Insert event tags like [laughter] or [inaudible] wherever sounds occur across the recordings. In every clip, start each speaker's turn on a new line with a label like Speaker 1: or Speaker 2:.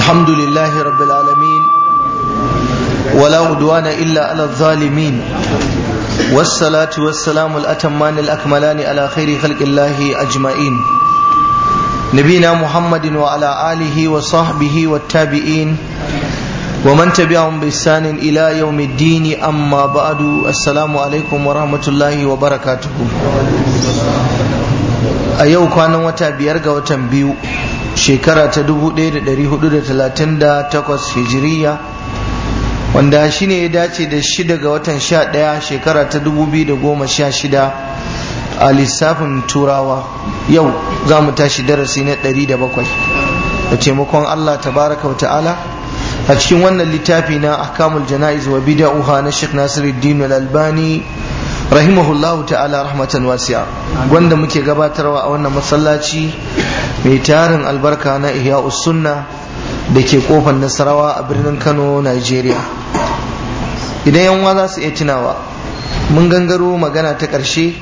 Speaker 1: الحمد لله رب العالمين ولا عدوان إلا على الظالمين والصلاة والسلام الأتمان الأكملان على خير خلق الله أجمعين نبينا محمد وعلى آله وصحبه والتابعين ومن تبعهم بإحسان إلى يوم الدين أما بعد السلام عليكم ورحمة الله وبركاته a yau kwanan wata biyar ga watan biyu shekara ta 1438 hijiriya wanda shi ne ya dace da shida ga watan sha ɗaya shekara ta 2016 a lissafin turawa yau za mu tashi darasi na 107 da taimakon allah tabaraka wa ta'ala a cikin wannan littafi na akamul jana'iz wa bida'uha na sheikh nasiruddin al-albani rahimahullahu ta'ala rahmatan wasi'a wanda muke gabatarwa a wannan masallaci mai tarin albarka na ihya sunna da ke kofar nasarawa a birnin kano nigeria idan yanwa za su iya tunawa mun gangaro magana ta ƙarshe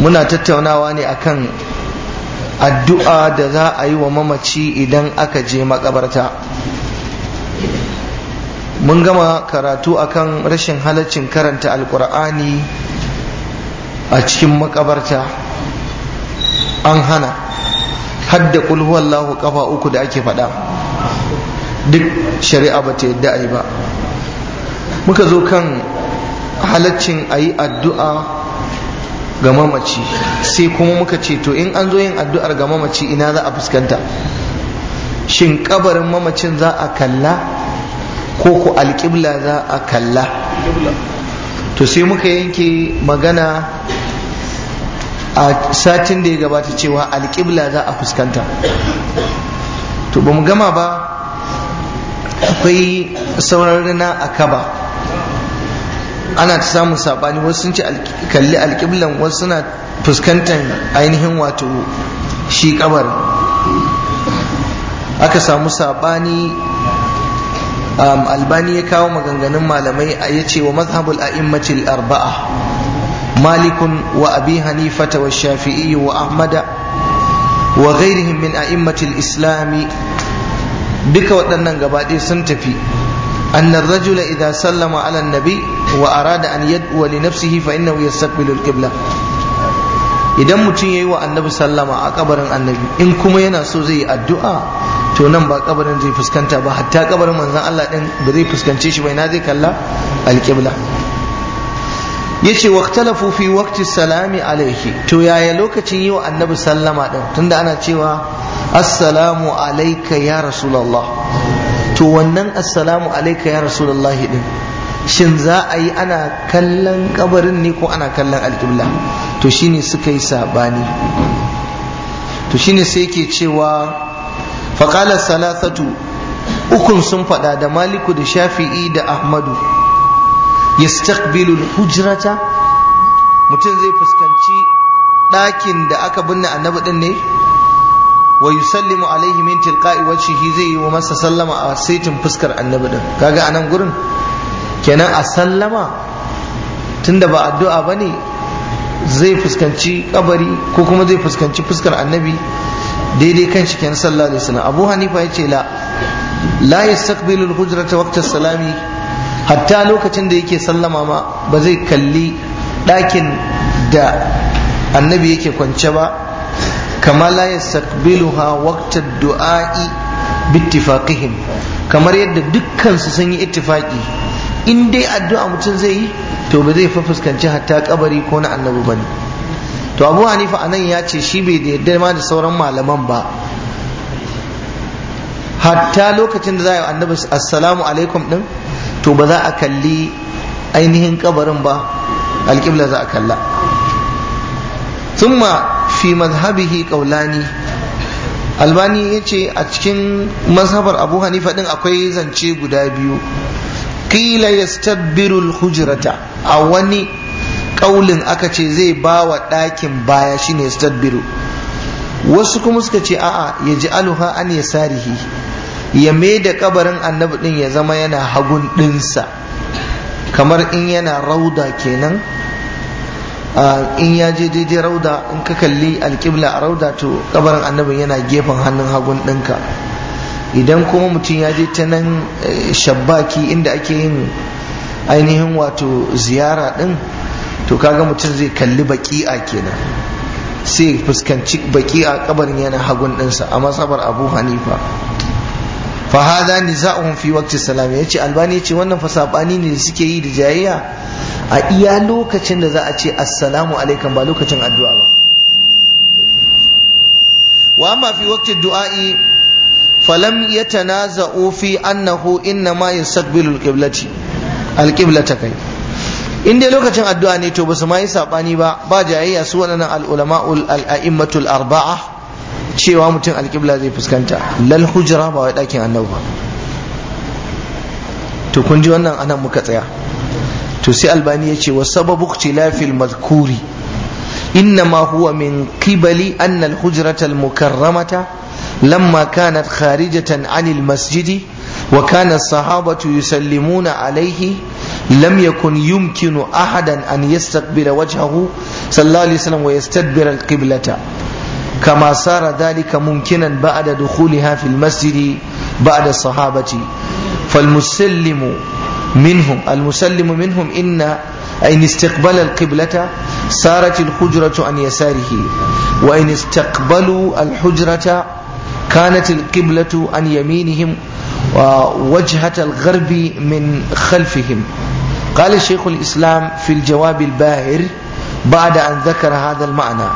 Speaker 1: muna tattaunawa ne akan addu'a da za a yi wa mamaci idan aka je makabarta mun gama karatu akan rashin halaccin karanta alkur'ani a cikin makabarta an hana hadda kulhuwallahu kafa uku da ake faɗa duk shari'a ba ta yadda a yi ba muka zo kan halaccin a yi addu'a ga mamaci sai kuma muka ce to in an zo yin addu'ar ga mamaci ina za a fuskanta shin kabarin mamacin za a kalla ko ku alƙibla za a kalla to sai muka yanke magana a satin da ya gabata cewa alƙibla za a fuskanta to ba mu gama ba akwai sauran na a kaba ana ta samun sabani wasu sun ci kalli alƙiblan wasu suna fuskantar ainihin wato shi kabar aka samu sabani Um, albani ya kawo maganganun malamai a yace wa mazhabul a'immatil arba'a malikun wa abi hanifata wa shafi'i wa ahmada wa ghairihim min a'immatil islami duka waɗannan gabaɗaya sun tafi أن الرجل إذا سلم على النبي وأراد أن يدعو لنفسه فإنه يستقبل القبلة idan mutum ya yi wa annabi sallama a kabarin annabi in kuma yana so zai yi addu'a to nan ba kabarin zai fuskanta ba hatta kabarin manzon Allah din ba zai fuskance shi ba ina zai kalla alqibla yace waqtalafu fi waqti salami alayhi to yaya lokacin yi wa annabi sallama din tunda ana cewa assalamu alayka ya rasulullah to wannan assalamu alayka ya rasulullah din shin za a yi ana kallon kabarin ne ko ana kallon alqibla to shine suka yi sabani to shine sai yake cewa faƙalar salasatu ukun sun faɗa da maliku da shafi'i da ahmadu yastaqbilul hujrata mutum zai fuskanci ɗakin da aka binne annabi ɗin ne wa yusallimu alaihi min tilqa'i wajhihi zai yi wa masa sallama a saitin fuskar annabi din kaga anan gurin kenan a sallama tunda ba addu'a bane zai fuskanci kabari ko kuma zai fuskanci fuskar annabi daidai kan shi kenan sallah da sunan abu hanifa ya ce la la yastaqbilu al ta waqta salami hatta lokacin da yake sallama ma ba zai kalli ɗakin da annabi yake kwance ba kama la yastaqbiluha waqta du'a'i bittifaqihim kamar yadda dukkan su sun yi ittifaqi in dai addu'a mutum zai yi to ba zai fa fuskanci hatta kabari ko na annabi bane to abu hanifa anan ya ce shi bai da yarda ma da sauran malaman ba hatta lokacin da za a yi annabi assalamu alaikum din to ba za a kalli ainihin kabarin ba alƙibla za a kalla thumma fi mazhabihi qaulani albani ya ce a cikin mazhabar abu hanifa din akwai zance guda biyu qila yastabbiru hujrata a wani kaulin aka ce zai ba wa ɗakin baya shine stadbiru wasu kuma suka ce a'a ya ji aluha an ya sarihi ya mai da kabarin annabi ɗin ya zama yana hagun ɗinsa kamar in yana rauda kenan in ya je daidai rauda in ka kalli alkibla a rauda to kabarin annabi yana gefen hannun hagun ɗinka idan kuma mutum ya je ta nan eh, shabbaki inda ake yin ainihin wato ziyara ɗin to kaga mutum zai kalli baki'a kenan sai fuskanci baki'a kabarin yana hagun ɗinsa a masabar abu hanifa fa hadha niza'uhum fi waqti salam yace albani yace wannan fa ne suke yi da jayayya a iya lokacin da za a ce assalamu alaikum ba lokacin addu'a ba wa amma fi waqti du'a'i falam yatanaza'u fi annahu inna ma yastaqbilu al-qiblati al-qiblata kai in dai lokacin addu'a ne to basu ma yi saɓani ba ba jayayya su waɗannan al'ulama'ul al'a'immatul arba'a cewa mutum alƙibla zai fuskanta lal hujra ba wai ɗakin annabi ba to kun ji wannan anan muka tsaya to sai albani ya ce wa sababu ikhtilafil madhkuri إنما هو من قبل أن الحجرة المكرمة kharijatan anil masjidi wa kana وكان sahabatu yusallimuna alaihi. lam yakun yumkinu ahadan an yastaqbila wajhahu sallallahu alaihi wasallam wa yastadbira alqiblata كما صار ذلك ممكنا بعد دخولها في المسجد بعد الصحابة فالمسلم منهم المسلم منهم إن إن استقبل القبلة صارت الحجرة عن يساره وإن استقبلوا الحجرة كانت القبلة عن يمينهم ووجهة الغرب من خلفهم قال الشيخ الإسلام في الجواب الباهر بعد أن ذكر هذا المعنى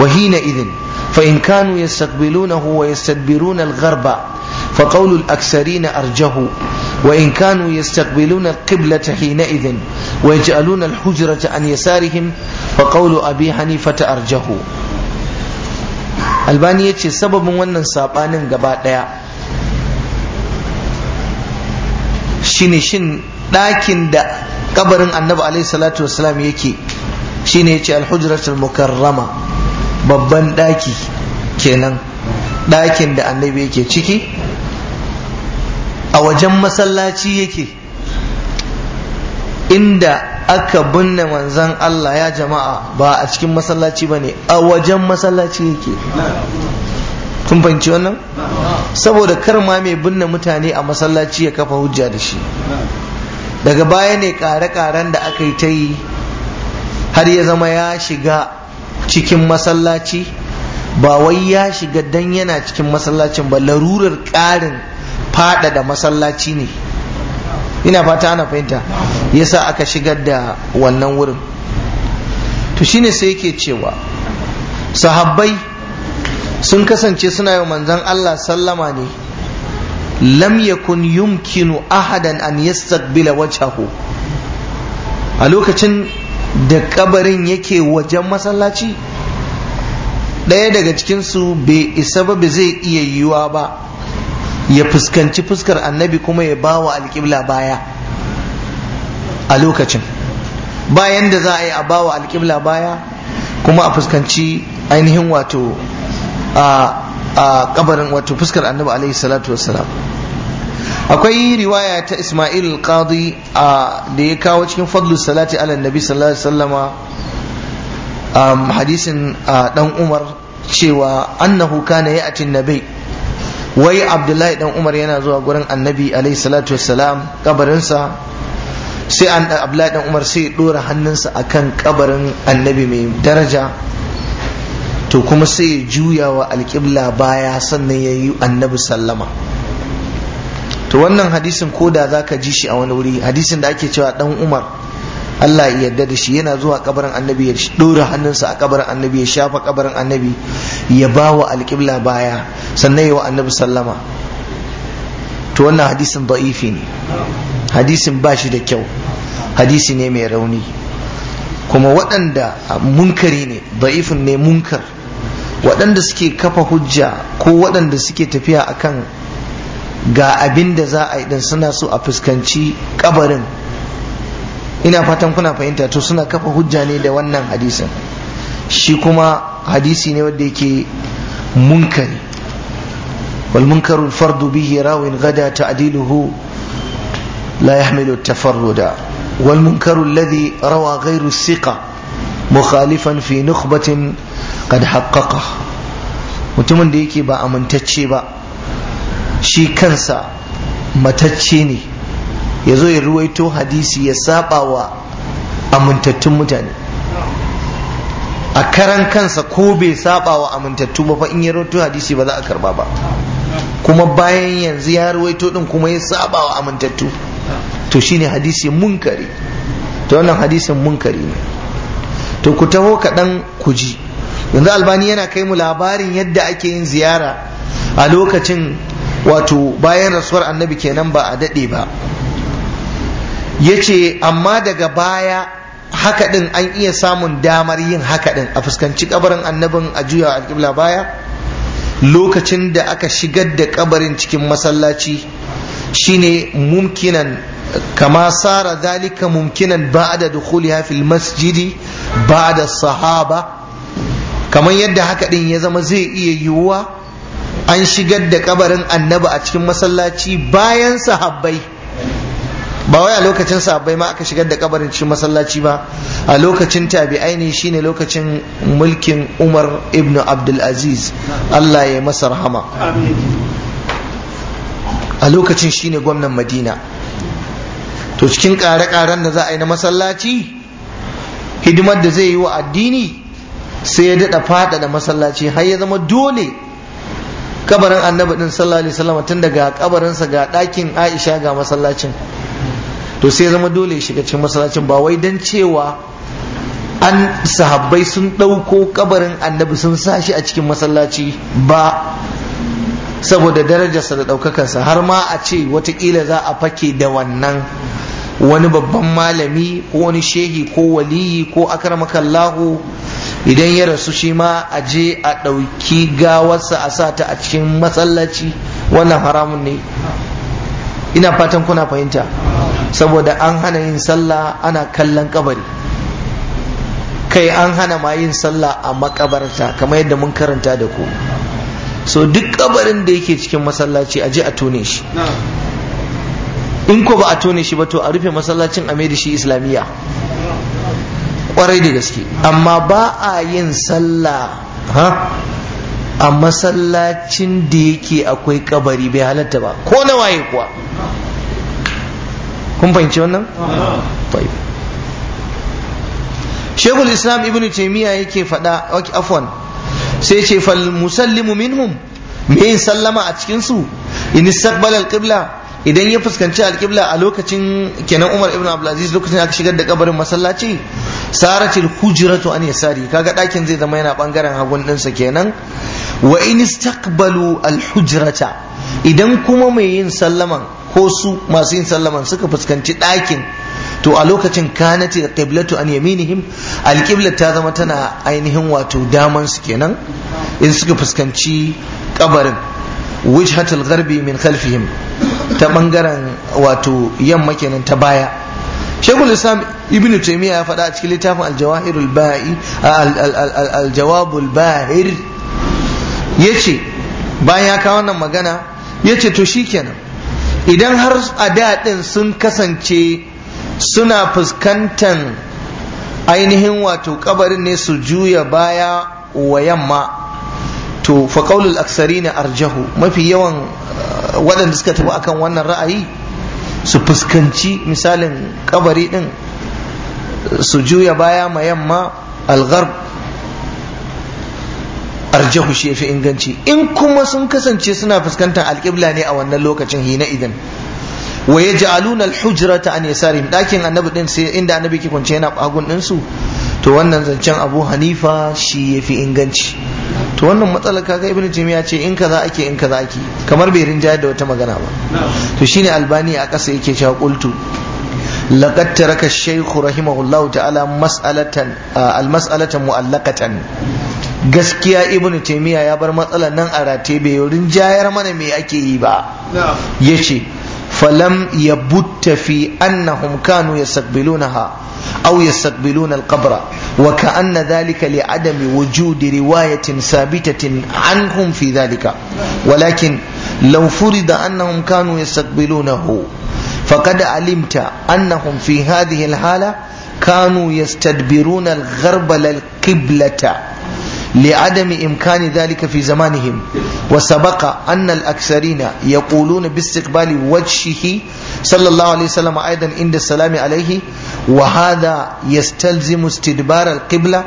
Speaker 1: وحينئذ فإن كانوا يستقبلونه ويستدبرون الغرب فقول الأكثرين أرجه وإن كانوا يستقبلون القبلة حينئذ ويجعلون الحجرة عن يسارهم فقول أبي حنيفة أرجه albani ya ce sababin wannan saɓanin gaba ɗaya shine shin ɗakin da kabarin annabi alaihi salatu wasalam yake shine yace al-hujratul mukarrama babban daki kenan dakin da annabi yake ciki a wajen masallaci yake inda aka binne manzon Allah ya jama'a ba a cikin masallaci bane a wajen masallaci yake kun fahimci wannan saboda kar ma mai binne mutane a masallaci ya kafa hujja da shi daga baya ne kare-karen da aka yi ta yi har ya zama ya shiga cikin masallaci ba wai ya shiga dan yana cikin masallacin ba larurar ƙarin faɗaɗa masallaci ne ina fata ana fahimta yasa aka shigar da wannan wurin to shine sai yake cewa sahabbai sun kasance suna yi manzon Allah sallama ne lam yakun yumkinu ahadan an yastaqbila wajhahu a lokacin da kabarin yake wajen masallaci ɗaya daga cikin su bai isa ba zai iya yiwuwa ba ya fuskanci fuskar annabi kuma ya ba wa alƙibla baya a lokacin bayan da za a yi a ba wa alƙibla baya kuma a fuskanci ainihin wato a a kabarin wato fuskar annabi alaihi salatu wasalam akwai riwaya ta ismail qadi a da ya kawo cikin fadlu salati ala nabi sallallahu alaihi wasallama um, hadisin dan umar cewa annahu kana ya'ti nabi wai abdullahi dan umar yana zuwa gurin annabi alaihi salatu wassalam kabarinsa sai an abdullahi dan umar sai ya dora hannunsa akan kabarin annabi mai daraja to kuma sai ya juya wa alƙibla baya sannan ya yi annabi sallama to wannan hadisin ko da za ka ji shi a wani wuri hadisin da ake cewa dan umar Allah ya yarda da shi yana zuwa kabarin annabi ya dora hannunsa a kabarin annabi ya shafa kabarin annabi ya ba wa alƙibla baya sannan ya wa annabi sallama to wannan hadisin da'ifi ne hadisin ba shi da kyau hadisi ne mai rauni kuma waɗanda munkari ne da'ifin ne munkar waɗanda suke kafa hujja ko waɗanda suke tafiya akan ga abin da za a yi din suna so a fuskanci kabarin ina fatan kuna fahimta to suna kafa hujja ne da wannan hadisin shi kuma hadisi ne wanda yake munkari wal munkaru fardu bihi rawin gada ta'diluhu la yahmilu at-tafarruda wal munkaru alladhi rawa gairu thiqa mukhalifan fi nukhbatin Kada haqqaqa mutumin da yake ba amintacce ba shi kansa matacce ne ya zo ya ruwaito hadisi ya saba wa amintattun mutane a karan kansa ko bai saba wa amintattu ba fa in ya ruwaito hadisi ba za a karba ba kuma bayan yanzu ya ruwaito din kuma ya saba wa amintattu to shine hadisi munkari to wannan hadisin munkari ne to ku taho kaɗan ku ji yanzu albani yana kai mu labarin yadda ake yin ziyara a lokacin wato bayan rasuwar annabi kenan ba a daɗe ba ya ce amma daga baya haka ɗin an iya samun damar yin haka ɗin a fuskanci kabarin annabin a juya alƙibla baya lokacin da aka shigar da kabarin cikin masallaci shine mumkinan kama sara zalika mumkinan da dukuli fil masjidi ba'da sahaba kamar yadda haka din ya zama zai iya yiwuwa an shigar da kabarin annabi a cikin masallaci bayan sahabbai ba wai a lokacin sahabbai ma aka shigar da kabarin cikin masallaci ba a lokacin tabi'ai ne shine lokacin mulkin Umar ibn Abdulaziz. Aziz Allah ya masa rahama a lokacin shine gwamnan Madina to cikin ƙare-ƙaren da za a yi na masallaci hidimar da zai yi wa addini sai ya daɗa faɗaɗa masallaci har ya zama dole kabarin annabi din sallallahu alaihi wasallam tun daga kabarinsa ga ɗakin aisha ga masallacin to sai ya zama dole shiga cikin masallacin ba wai dan cewa an sahabbai sun ɗauko kabarin annabi sun sa shi a cikin masallaci ba saboda darajarsa da ɗaukakarsa har ma a ce watakila za a fake da wannan wani babban malami ko wani shehi ko waliyi ko akramakallahu idan ya rasu shi ma a je a ɗauki gawarsa a sata a cikin matsalaci wannan haramun ne ina fatan kuna fahimta saboda an hana yin sallah ana kallon kabari kai an hana ma yin sallah a makabarta kamar yadda mun karanta da ku so duk kabarin da yake cikin masallaci a je a tone shi in ko ba a tone shi ba to a rufe masallacin a da shi islamiyya kwarai da gaske amma ba a yin sallah a masallacin da yake akwai kabari bai halatta ba ko na waye kuwa kun fahimci wannan shekul islam ibn taimiyya yake faɗa afwan sai ce fal musallimu minhum me yin sallama a cikinsu in istaqbala al-qibla idan ya fuskanci alƙibla a lokacin kenan Umar ibn Abdulaziz lokacin aka shigar da kabarin masallaci saratil hujratu an yasari kaga ɗakin zai zama yana bangaren hagun ɗinsa kenan wa in istaqbalu al hujrata idan kuma mai yin sallaman ko su masu yin sallaman suka fuskanci ɗakin to a lokacin kanati da qiblatu an yaminihim alqibla ta zama tana ainihin wato daman su kenan in suka fuskanci kabarin wujhatul gharbi min khalfihim ta bangaren wato yamma kenan ta baya shekul islam ibn taymiya ya faɗa a cikin littafin aljawahirul ba'i aljawabul bahir ce, bayan ya kawo wannan magana yace to shikenan idan har a daɗin sun kasance suna fuskantan ainihin wato kabarin ne su juya baya wa yamma to fa aksari aksarina arjahu mafi yawan uh, waɗanda suka tafi akan wannan ra'ayi su fuskanci misalin kabari din su juya baya ma yamma algharb arjahu shi yafi inganci in kuma sun kasance suna fuskantar alƙibla ne a wannan lokacin hina idan wa yaj'aluna ta an yasarihim dakin annabi din sai inda annabi ke kwance yana bagun din su to wannan zancen abu hanifa shi yafi inganci to wannan matsalar kaga ibnu taymiya ce in kaza ake in kaza ake kamar bai rinjayar da wata magana ba to shine albani a ƙasa yake cewa qultu laqad taraka shaykh rahimahullahu ta'ala mas'alatan al-mas'alatan mu'allaqatan gaskiya ibnu taymiya ya bar matsalar nan a rate bai rinjayar mana me ake yi ba yace falam yabutta fi annahum kanu yastaqbilunaha أو يستقبلون القبر وكأن ذلك لعدم وجود رواية ثابتة عنهم في ذلك ولكن لو فرض أنهم كانوا يستقبلونه فقد علمت أنهم في هذه الحالة كانوا يستدبرون الغرب للقبلة لعدم إمكان ذلك في زمانهم وسبق أن الأكثرين يقولون باستقبال وجهه صلى الله عليه وسلم أيضا عند السلام عليه وهذا يستلزم استدبار القبلة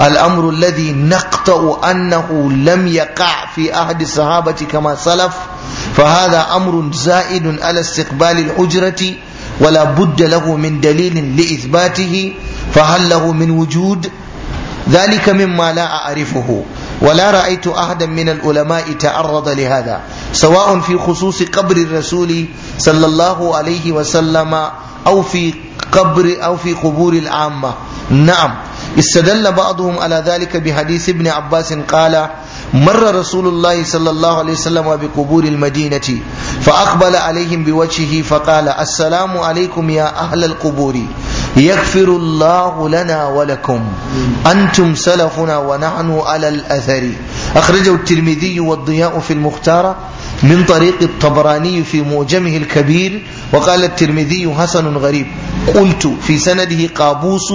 Speaker 1: الأمر الذي نقطع أنه لم يقع في أحد الصحابة كما سلف فهذا أمر زائد على استقبال الحجرة ولا بد له من دليل لإثباته فهل له من وجود؟ ذلك مما لا أعرفه ولا رأيت أحدا من العلماء تعرض لهذا سواء في خصوص قبر الرسول صلى الله عليه وسلم أو في قبر أو في قبور العامة نعم استدل بعضهم على ذلك بحديث ابن عباس قال مر رسول الله صلى الله عليه وسلم بقبور المدينة فأقبل عليهم بوجهه فقال السلام عليكم يا أهل القبور يغفر الله لنا ولكم أنتم سلفنا ونحن على الأثر أخرجه الترمذي والضياء في المختار من طريق الطبراني في موجمه الكبير وقال الترمذي حسن غريب قلت في سنده قابوس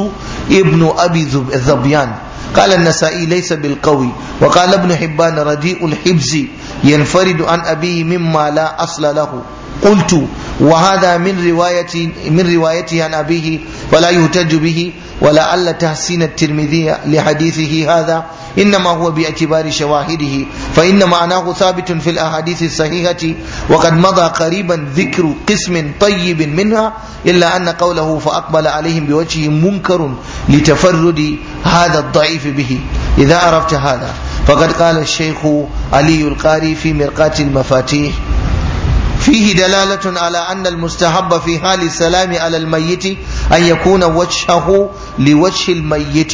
Speaker 1: ابن أبي ذبيان قال النسائي ليس بالقوي وقال ابن حبان رديء الحبز ينفرد عن أبيه مما لا أصل له قلت وهذا من روايتي من روايته عن أبيه ولا يهتج به ولعل تحسين الترمذي لحديثه هذا إنما هو باعتبار شواهده فإن معناه ثابت في الأحاديث الصحيحة وقد مضى قريبا ذكر قسم طيب منها إلا أن قوله فأقبل عليهم بوجهه منكر لتفرد هذا الضعيف به إذا عرفت هذا فقد قال الشيخ علي القاري في مرقات المفاتيح فيه دلالة على أن المستحب في حال السلام على الميت أن يكون وجهه لوجه الميت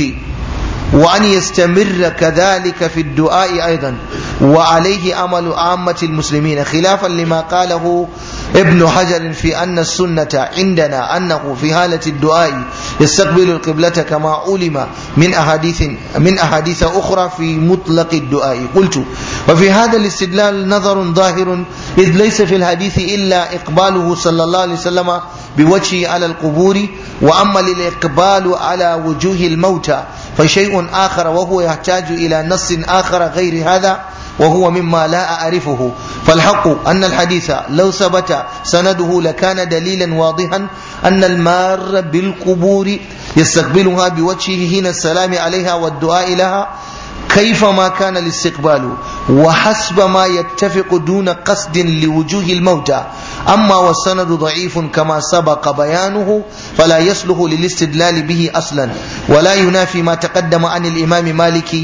Speaker 1: وأن يستمر كذلك في الدعاء أيضا وعليه أمل عامة المسلمين خلافا لما قاله ابن حجر في أن السنة عندنا أنه في حالة الدعاء يستقبل القبلة كما علم من أحاديث من أحاديث أخرى في مطلق الدعاء قلت وفي هذا الاستدلال نظر ظاهر إذ ليس في الحديث إلا إقباله صلى الله عليه وسلم بوجهه على القبور وأما للإقبال على وجوه الموتى فشيء آخر وهو يحتاج إلى نص آخر غير هذا وهو مما لا أعرفه فالحق أن الحديث لو ثبت سنده لكان دليلا واضحا أن المار بالقبور يستقبلها بوجهه حين السلام عليها والدعاء لها كيفما كان الاستقبال وحسب ما يتفق دون قصد لوجوه الموتى أما والسند ضعيف كما سبق بيانه فلا يصلح للاستدلال به أصلا ولا ينافي ما تقدم عن الإمام مالك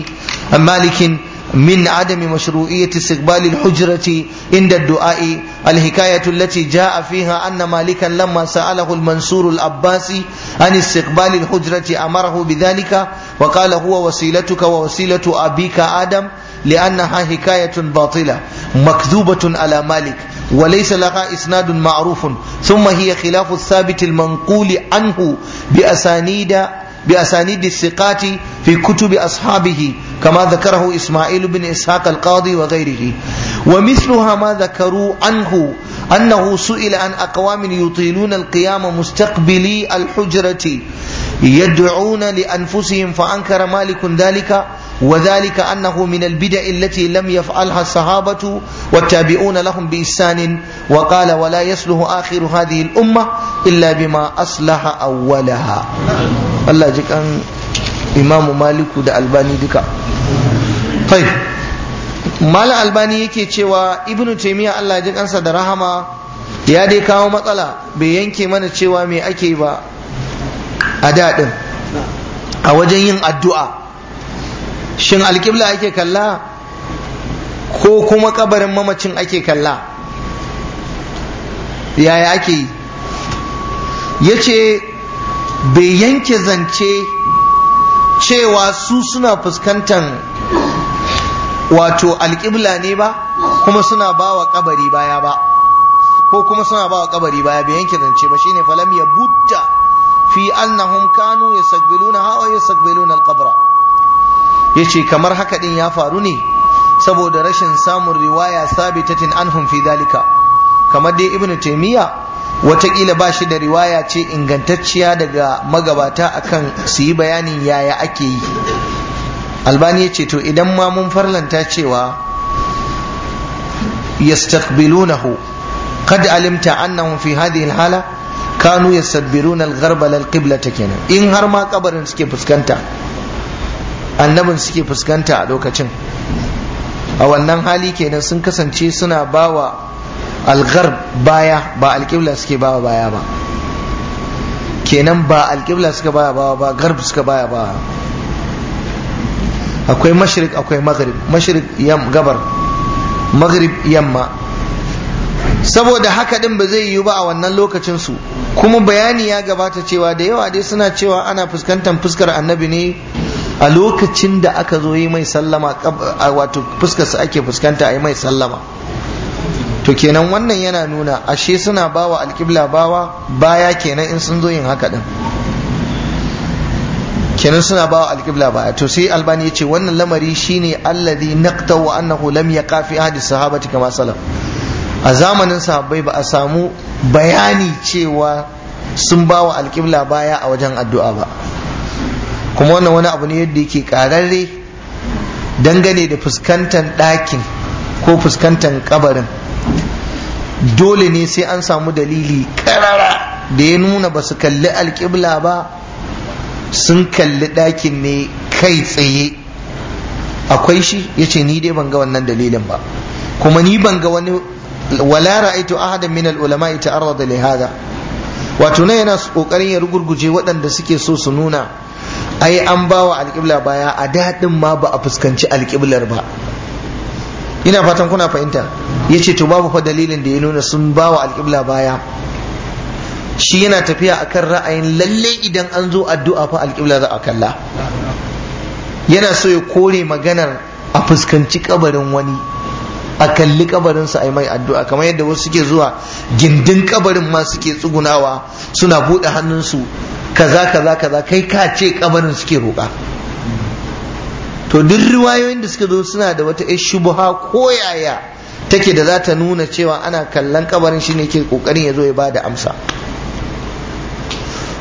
Speaker 1: مالك من عدم مشروعية استقبال الحجرة عند الدعاء الحكاية التي جاء فيها أن مالكا لما سأله المنصور الأباسي عن استقبال الحجرة أمره بذلك وقال هو وسيلتك ووسيلة أبيك آدم لأنها حكاية باطلة مكذوبة على مالك وليس لها إسناد معروف ثم هي خلاف الثابت المنقول عنه بأسانيد بأسانيد الثقات في كتب أصحابه كما ذكره إسماعيل بن إسحاق القاضي وغيره ومثلها ما ذكروا عنه أنه سئل عن أقوام يطيلون القيام مستقبلي الحجرة يدعون لأنفسهم فأنكر مالك ذلك وذلك أنه من البدع التي لم يفعلها الصحابة والتابعون لهم بإحسان وقال ولا يصلح آخر هذه الأمة إلا بما أصلح أولها الله جك أن إمام مالك دا ألباني دكا طيب مال ألباني يكي تشوى ابن تيمية الله جك أنسى درهما ya dai kawo matsala bai yanke mana cewa me ake ba a daɗin a wajen yin addu'a shin alƙibla ake kalla ko kuma ƙabarin mamacin ake kalla yaya ake yi ya ce bai yanke zance cewa su suna fuskantar wato alƙibla ne ba kuma suna ba wa ƙabari baya ba ko kuma suna ba wa ƙabari baya bai yanke zance ba shine falam ya budda fi annahum kanu yastakbiluna hawa yastakbiluna alqabra yace kamar haka din ya faru ne saboda rashin samun riwaya sabitatin anhum fi dalika kamar dai ibnu taymiya watakila ba shi da riwaya ce ingantacciya daga magabata akan su yi bayanin yaya ake yi albani yace to idan ma mun farlanta cewa yastaqbilunahu qad alimta annahum fi hadhihi alhala kanu yastadbiruna algharba lilqiblata kenan in har ma kabarin suke fuskanta annabin suke fuskanta a lokacin a wannan hali kenan sun kasance suna bawa algar baya ba alƙibla suke bawa baya ba kenan ba alƙibla suka baya bawa ba garb suka baya bawa akwai mashirik akwai maghrib mashirik yam gabar maghrib yamma saboda haka din ba zai yiwu ba a wannan lokacin su kuma bayani ya gabata cewa da yawa dai suna cewa ana fuskantar fuskar annabi ne a lokacin da aka zo yi mai sallama wato fuskarsa ake fuskanta a yi mai sallama to kenan wannan yana nuna ashe suna bawa alƙibla bawa baya kenan in sun zo yin haka din kenan suna bawa alƙibla baya to sai albani ya ce wannan lamari shine alladhi naqta wa annahu lam yaqa fi ahadi sahabati kama salaf a zamanin sahabbai ba a samu bayani cewa sun bawa alƙibla baya a wajen addu'a ba kuma wannan wani abu ne yadda yake kararre dangane da fuskantar ɗakin ko fuskantar kabarin dole ne sai an samu dalili karara da ya nuna ba su kalli alƙibla ba sun kalli ɗakin ne kai tsaye akwai shi ya ce ni dai ban ga wannan dalilin ba kuma ni ban ga wani wala ra'aitu ahadan min al-ulama ita arwa li hada wato nan yana kokarin ya rugurguje waɗanda suke so su nuna ai an bawa alƙibla baya a daɗin ma ba a fuskanci alƙiblar ba ina fatan kuna fahimta ya ce to babu fa dalilin da ya nuna sun bawa alƙibla baya shi yana tafiya akan ra'ayin lalle idan an zo addu'a fa alƙibla za a kalla yana so ya kore maganar a fuskanci kabarin wani a kalli kabarin a yi mai addu'a kamar yadda wasu suke zuwa gindin kabarin ma suke tsugunawa suna buɗe hannunsu kaza kaza kaza kai ka ce kabarin suke roƙa to duk riwayoyin da suka zo suna da wata yar shubuha ko yaya take da za ta nuna cewa ana kallon kabarin shine ke kokarin ya zo ya bada amsa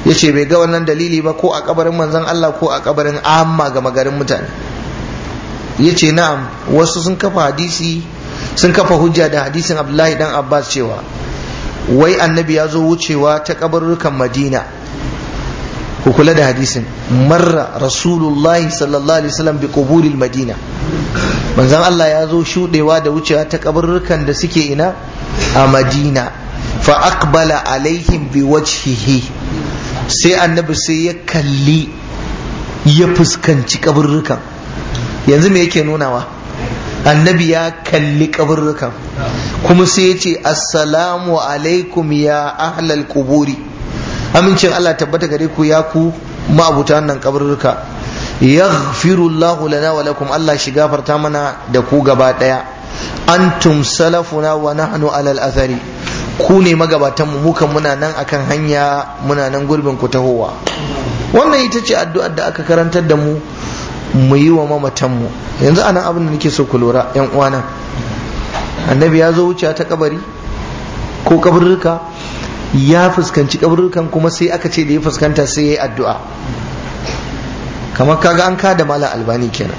Speaker 1: ya bai ga wannan dalili ba ko a kabarin manzon Allah ko a kabarin amma ga magarin mutane ya na'am wasu sun kafa hadisi sun kafa hujja da hadisin abdullahi dan abbas cewa wai annabi ya zo wucewa ta kabarurkan madina ku kula da hadisin marra rasulullahi sallallahu alaihi wasallam bi quburil madina manzon Allah ya zo shudewa da wucewa ta kabarurkan da suke ina a madina fa aqbala alaihim bi wajhihi sai annabi sai ya kalli ya fuskanci kabarurkan yanzu me yake nunawa annabi ya kalli kaburruka kuma sai ya ce assalamu alaikum ya ahlal kuburi amincin Allah tabbata gare ku ya ku ma'abuta wannan kaburruka Allah lana wa lakum Allah shi gafarta mana da ku gaba daya antum salafuna wa nahnu alal athari ku ne magabatan mu muka muna nan akan hanya muna nan gurbin ku tahowa wannan ita ce addu'ar da aka karantar da mu mu yi wa mamatanmu yanzu anan abin da nake so ku lura yan uwana annabi ya zo wuce ta kabari ko kabarurruka ya fuskanci kabarurrukan kuma sai aka ce da ya fuskanta sai ya yi addu'a kamar kaga an kada malam albani kenan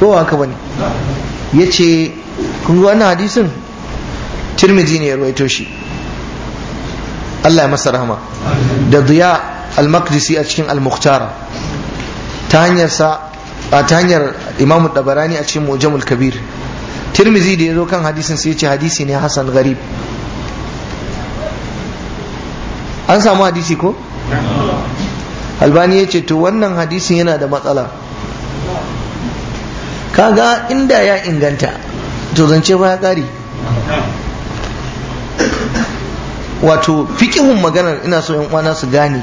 Speaker 1: ko haka bane ya ce kun ga wannan hadisin tirmidhi ne ya rawaito shi Allah ya masa rahama da diya al-maqdisi a cikin al-mukhtara ta hanyar sa a ta hanyar Imam Dabarani a cikin Mujamul Kabir Tirmizi da zo kan hadisin sai ya ce hadisi ne Hassan Gharib an samu hadisi ko albani ya ce to wannan hadisin yana da matsala kaga inda ya inganta to zance ba ya kare wato fikihun maganar ina so yan uwana su gane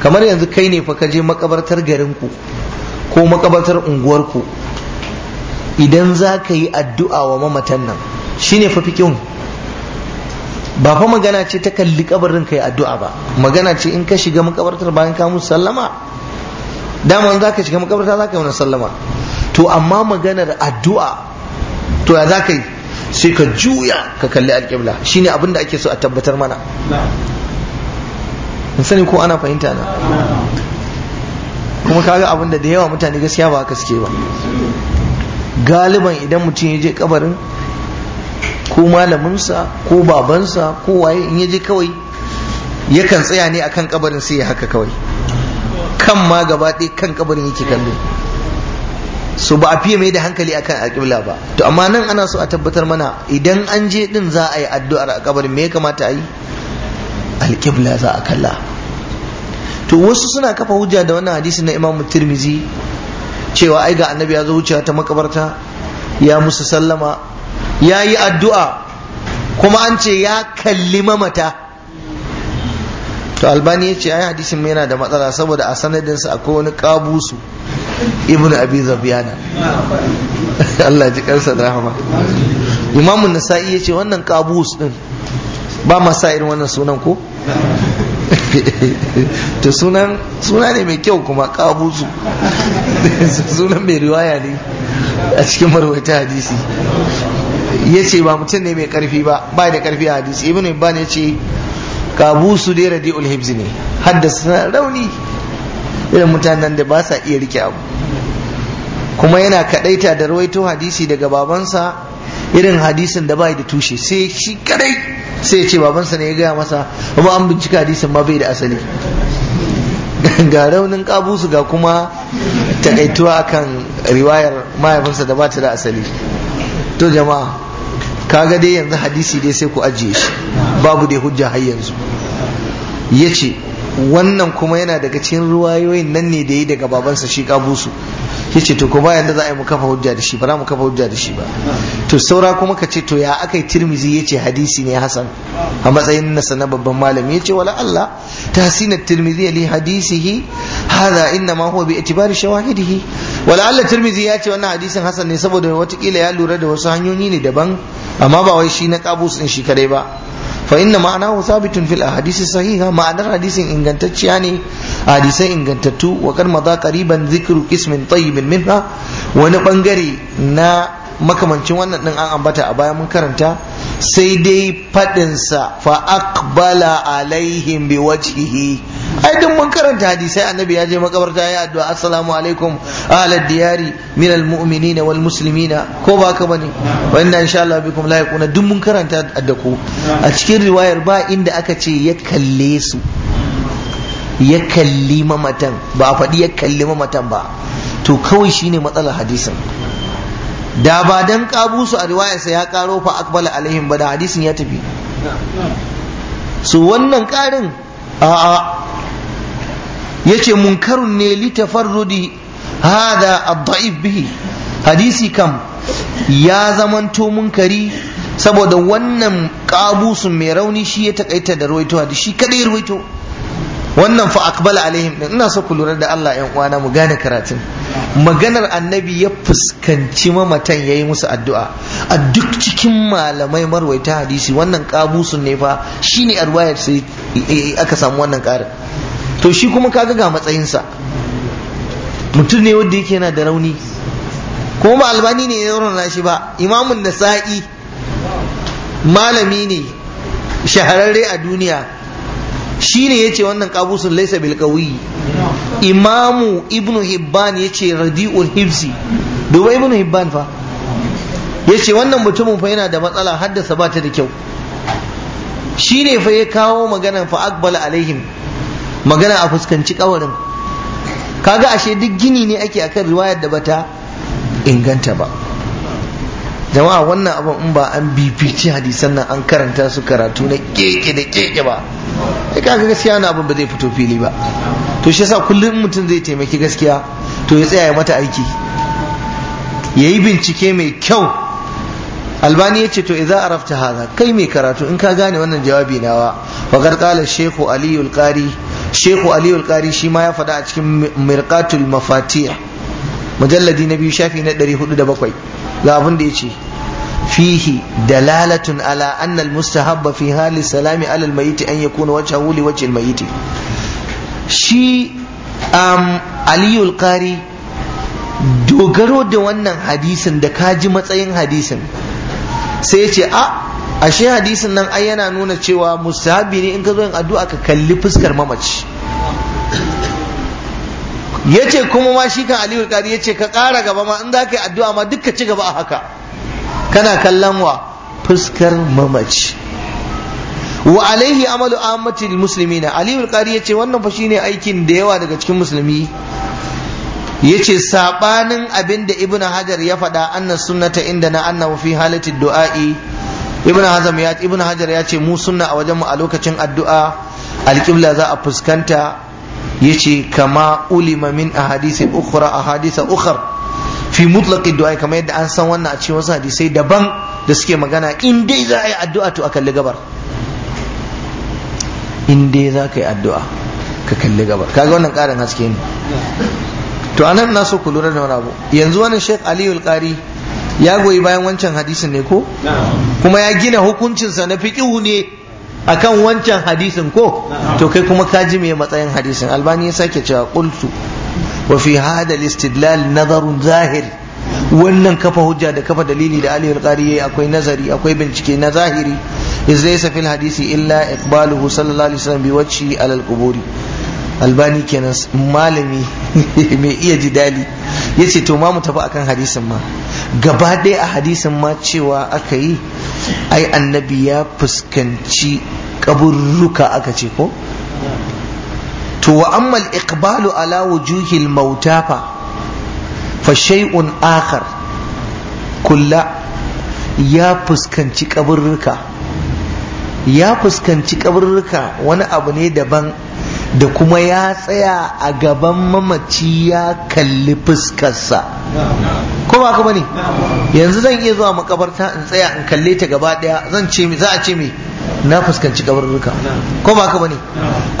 Speaker 1: kamar yanzu kai ne fa ka je makabartar garinku ko makabartar unguwarku idan za ka yi addu'a wa mamatan nan shine fa fikin ba fa magana ce ta kalli kabarin kai addu'a ba magana ce in ka shiga makabartar bayan ka musu sallama dama za ka shiga makabarta za ka yi wani sallama to amma maganar addu'a to ya za ka yi sai ka juya ka kalli alƙibla ne abin da ake so a tabbatar mana mun sani ko ana fahimta na kuma kaga abin da da yawa mutane gaskiya ba haka suke ba galiban idan mutum ya je kabarin ko malaminsa ko babansa ko waye in ya je kawai yakan tsaya ne akan kabarin sai ya haka kawai kan ma gaba ɗaya kan kabarin yake kallo so ba a fiye mai da hankali akan alƙibla ba to amma nan ana so a tabbatar mana idan an je din za a yi addu'ar a kabarin me ya kamata a yi alƙibla za a kalla to wasu suna kafa hujja da wannan hadisi na imamu tirmizi cewa ai ga annabi ya zo wucewa ta makabarta ya musu sallama ya yi addu'a kuma an ce ya kalli mamata to albani ya ce ai hadisin mai yana da matsala saboda a sanadinsa akwai wani kabusu ibnu abi zabiyana [laughs] Allah ji kansa da rahama imamu nasa'i ya ce wannan kabus din ba ma sa irin wannan sunan ko [laughs] to sunan suna ne mai kyau kuma kabusu [laughs] sunan mai riwaya ne a cikin marwata hadisi ya ce ba mutum ne mai karfi ba ba da karfi a hadisi ibn ibban ya ce kabusu dai radi hibzi ne haddasa rauni irin mutanen da ba sa iya rike abu kuma yana kadaita da rawaito hadisi daga babansa irin hadisin da bai da tushe sai shi kadai sai ya ce babansa ne ya gaya masa amma an bincika hadisin ma bai da asali [laughs] ga raunin kabusu ga kuma takaituwa akan riwayar mahaifinsa da bata da asali to jama'a kaga dai yanzu hadisi dai sai ku ajiye shi babu dai hujja har yanzu Ya ce wannan kuma yana daga cikin ruwayoyin nan ne da yi daga babansa shi kabusu yace to ko bayan da za a yi mu kafa hujja da shi ba mu kafa hujja da shi ba to saura kuma ka ce to ya akai tirmizi yace hadisi ne hasan a matsayin nasa na babban malami yace wala Allah tahsinat tirmizi li hadisihi hadha inna ma huwa bi itibari shawahidihi wala Allah tirmizi yace wannan hadisin hasan ne saboda watakila ya lura da wasu hanyoyi ne daban amma ba wai shi na kabus din shi kadai ba fa inna ma'anahu sabitun fil ahadisi sahiha ma'anar hadisin ingantacciya ne hadisai ingantattu wa kad madha qariban dhikru qismin tayyibin minha wani bangare na makamancin wannan din an ambata a baya mun karanta sai dai faɗinsa fa aqbala alaihim bi wajhihi ai duk mun karanta hadisai annabi ya je makabarta ya addu'a assalamu alaikum ahlad diyari min al mu'minina wal muslimina ko ba ka bane wa inna insha Allah bikum la yakuna duk mun karanta da ku a cikin riwayar ba inda aka ce ya kalle su ya kalli mamatan ba a faɗi ya kalli mamatan ba to kawai shine matsalar hadisin da ba dan kabusu a riwayarsa ya karo fa akbala alaihim ba da hadisin ya tafi su wannan karin a'a yace munkarun ne li tafarrudi hada ad-da'if bihi hadisi kam ya zamanto munkari saboda wannan kabusun mai rauni shi ya takaita da ruwaito hadisi shi kadai ruwaito wannan fa akbala alaihim ina so ku lura da Allah yan uwana mu gane karatun maganar annabi ya fuskanci mamatan ya yi musu addu'a a duk cikin malamai marwaita hadisi wannan kabusun ne fa shi ne arwayar sai aka samu wannan karin to shi kuma kaga ga matsayinsa mutum ne wanda yake yana da rauni kuma ba albani ne ya rauna shi ba imamun nasa'i malami ne shahararre a duniya Shi ya yace wannan kabusun laisa bil imamu ibnu hibban yace radiul hibsi dubai ibnu hibban fa yace wannan mutumin fa yana da matsala haddasa ba ta da kyau Shi ne fa ya kawo maganan fa aqbal alaihim magana a fuskanci kawarin kaga ashe duk gini ne ake akan riwayar da bata inganta ba jama'a wannan abin in ba an bibici hadisan nan an karanta su karatu na keke da keke ba sai kaga gaskiya na abin ba zai fito fili ba to shi yasa kullum mutum zai taimaki gaskiya to ya tsaya ya mata aiki yayi bincike mai kyau albani ya ce to idza arafta haza kai mai karatu in ka gane wannan jawabi nawa wa qala shehu aliyul qari shaykhu aliyul qari shi ma ya faɗa a cikin mirqatul mafatih mujalladi na biyu shafi na 407 ga abin da ya ce fihi dalalatun ala anna mustahabba fi hali salami ala almayiti an yakuna wajhahu li wajhi almayiti shi um, aliyu qari dogaro da wannan hadisin da kaji matsayin hadisin sai ya ce a ashe hadisin nan ai yana nuna cewa mustahabi ne in ka zo yin addu'a ka kalli fuskar mamaci yace kuma ma shi kan aliyu kari yace ka kara gaba ma in za ka yi addu'a ma duka ci gaba a haka kana kallon wa fuskar mamaci wa alaihi amalu ahmadi muslimina aliyu kari ce wannan fa shine aikin da yawa daga cikin musulmi yace saɓanin abin da ibnu hajar ya faɗa anna sunnata inda na annahu fi halati du'a'i ibnu hazam ya ibnu hajar ya ce mu sunna a wajen mu a lokacin addu'a alƙibla za a fuskanta yace kama ulima min ahadisi ukhra ahadisa ukhra fi mutlaqi du'a kama yadda an san wannan a cikin wasu hadisai daban da suke magana in dai za a yi addu'a to a kalli gabar in dai za ka yi addu'a ka kalli gabar kaga wannan karin haske ne to anan na so ku lura da wani abu yanzu wannan Sheikh Ali Al-Qari ya goyi bayan wancan hadisin ne ko kuma ya gina hukuncinsa na fiqihu ne akan wancan hadisin ko to kai kuma ka ji me matsayin hadisin albani ya sake cewa qultu wa fi hada al-istidlal nazarun zahir wannan kafa hujja da kafa dalili da Ali al yayi akwai nazari akwai bincike na zahiri iz laysa fil hadisi illa iqbaluhu sallallahu alaihi wasallam bi wajhi ala quburi albani kenan malami [laughs] mai iya ji ya ce to ma mu tafi akan hadisin ma gaba ɗaya a hadisin ma cewa aka yi ai annabi ya fuskanci kaburruka aka ce ko to wa ammal iqbalu ala wujuhil Mautafa fa fa shay'un akhar kulla ya fuskanci kaburruka ya fuskanci kaburruka wani abu ne daban da kuma ya tsaya a gaban mamaci ya kalli fuskarsa ko ba ka bane yanzu zan iya zuwa makabarta in tsaya in kalle ta gaba daya zan ce za a ce me na fuskanci kabarurruka ko ba ka bane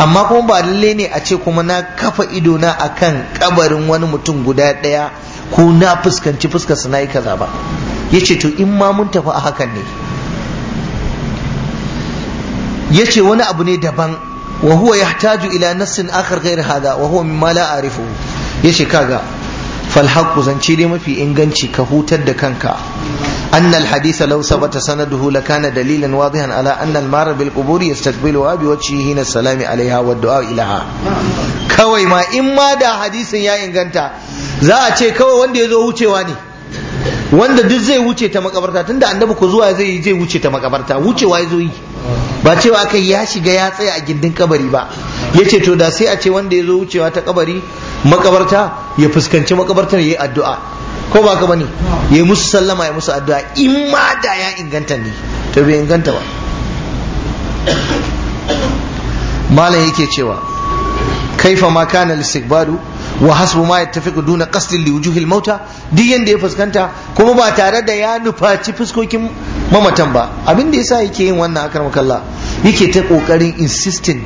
Speaker 1: amma kuma ba lalle ne a ce kuma na kafa ido na akan kabarin wani mutum guda daya ko na fuskanci fuskarsa na yi kaza ba yace to in ma mun tafi a hakan ne yace wani abu ne daban وهو يحتاج إلى نص آخر غير هذا وهو مما لا أعرفه يشي كاغا فالحق زنشيري ما في إنغنشي كهوتا دكانكا أن الحديث لو ثبت سنده لكان دليلا واضحا على أن المار بالقبور يستقبلها بوجهه هنا السلام عليها والدعاء إليها كوي ما إما دا حديث يا إنغنتا za a ce kawai wanda ya zo wucewa ne wanda duk zai wuce ta makabarta tunda annabi ku zuwa zai zai wuce ta makabarta wucewa ya zo yi ba cewa aka ya shiga ya tsaya a gindin kabari ba ya ce to da sai a ce wanda ya zo wucewa ta kabari makabarta ya fuskanci makabartar ya yi addu'a ko ba ka bane ya musu sallama ya musu addu'a in ma da ya inganta ne to bai inganta ba malam yake cewa kaifa ma kana istiqbalu wa hasbu ma yattafiqu duna qasdin li wujuhil mauta duk yanda ya fuskanta kuma ba tare da ya nufaci fuskokin mamatan ba abin da yasa yake yin wannan akar makalla yake ta kokarin insisting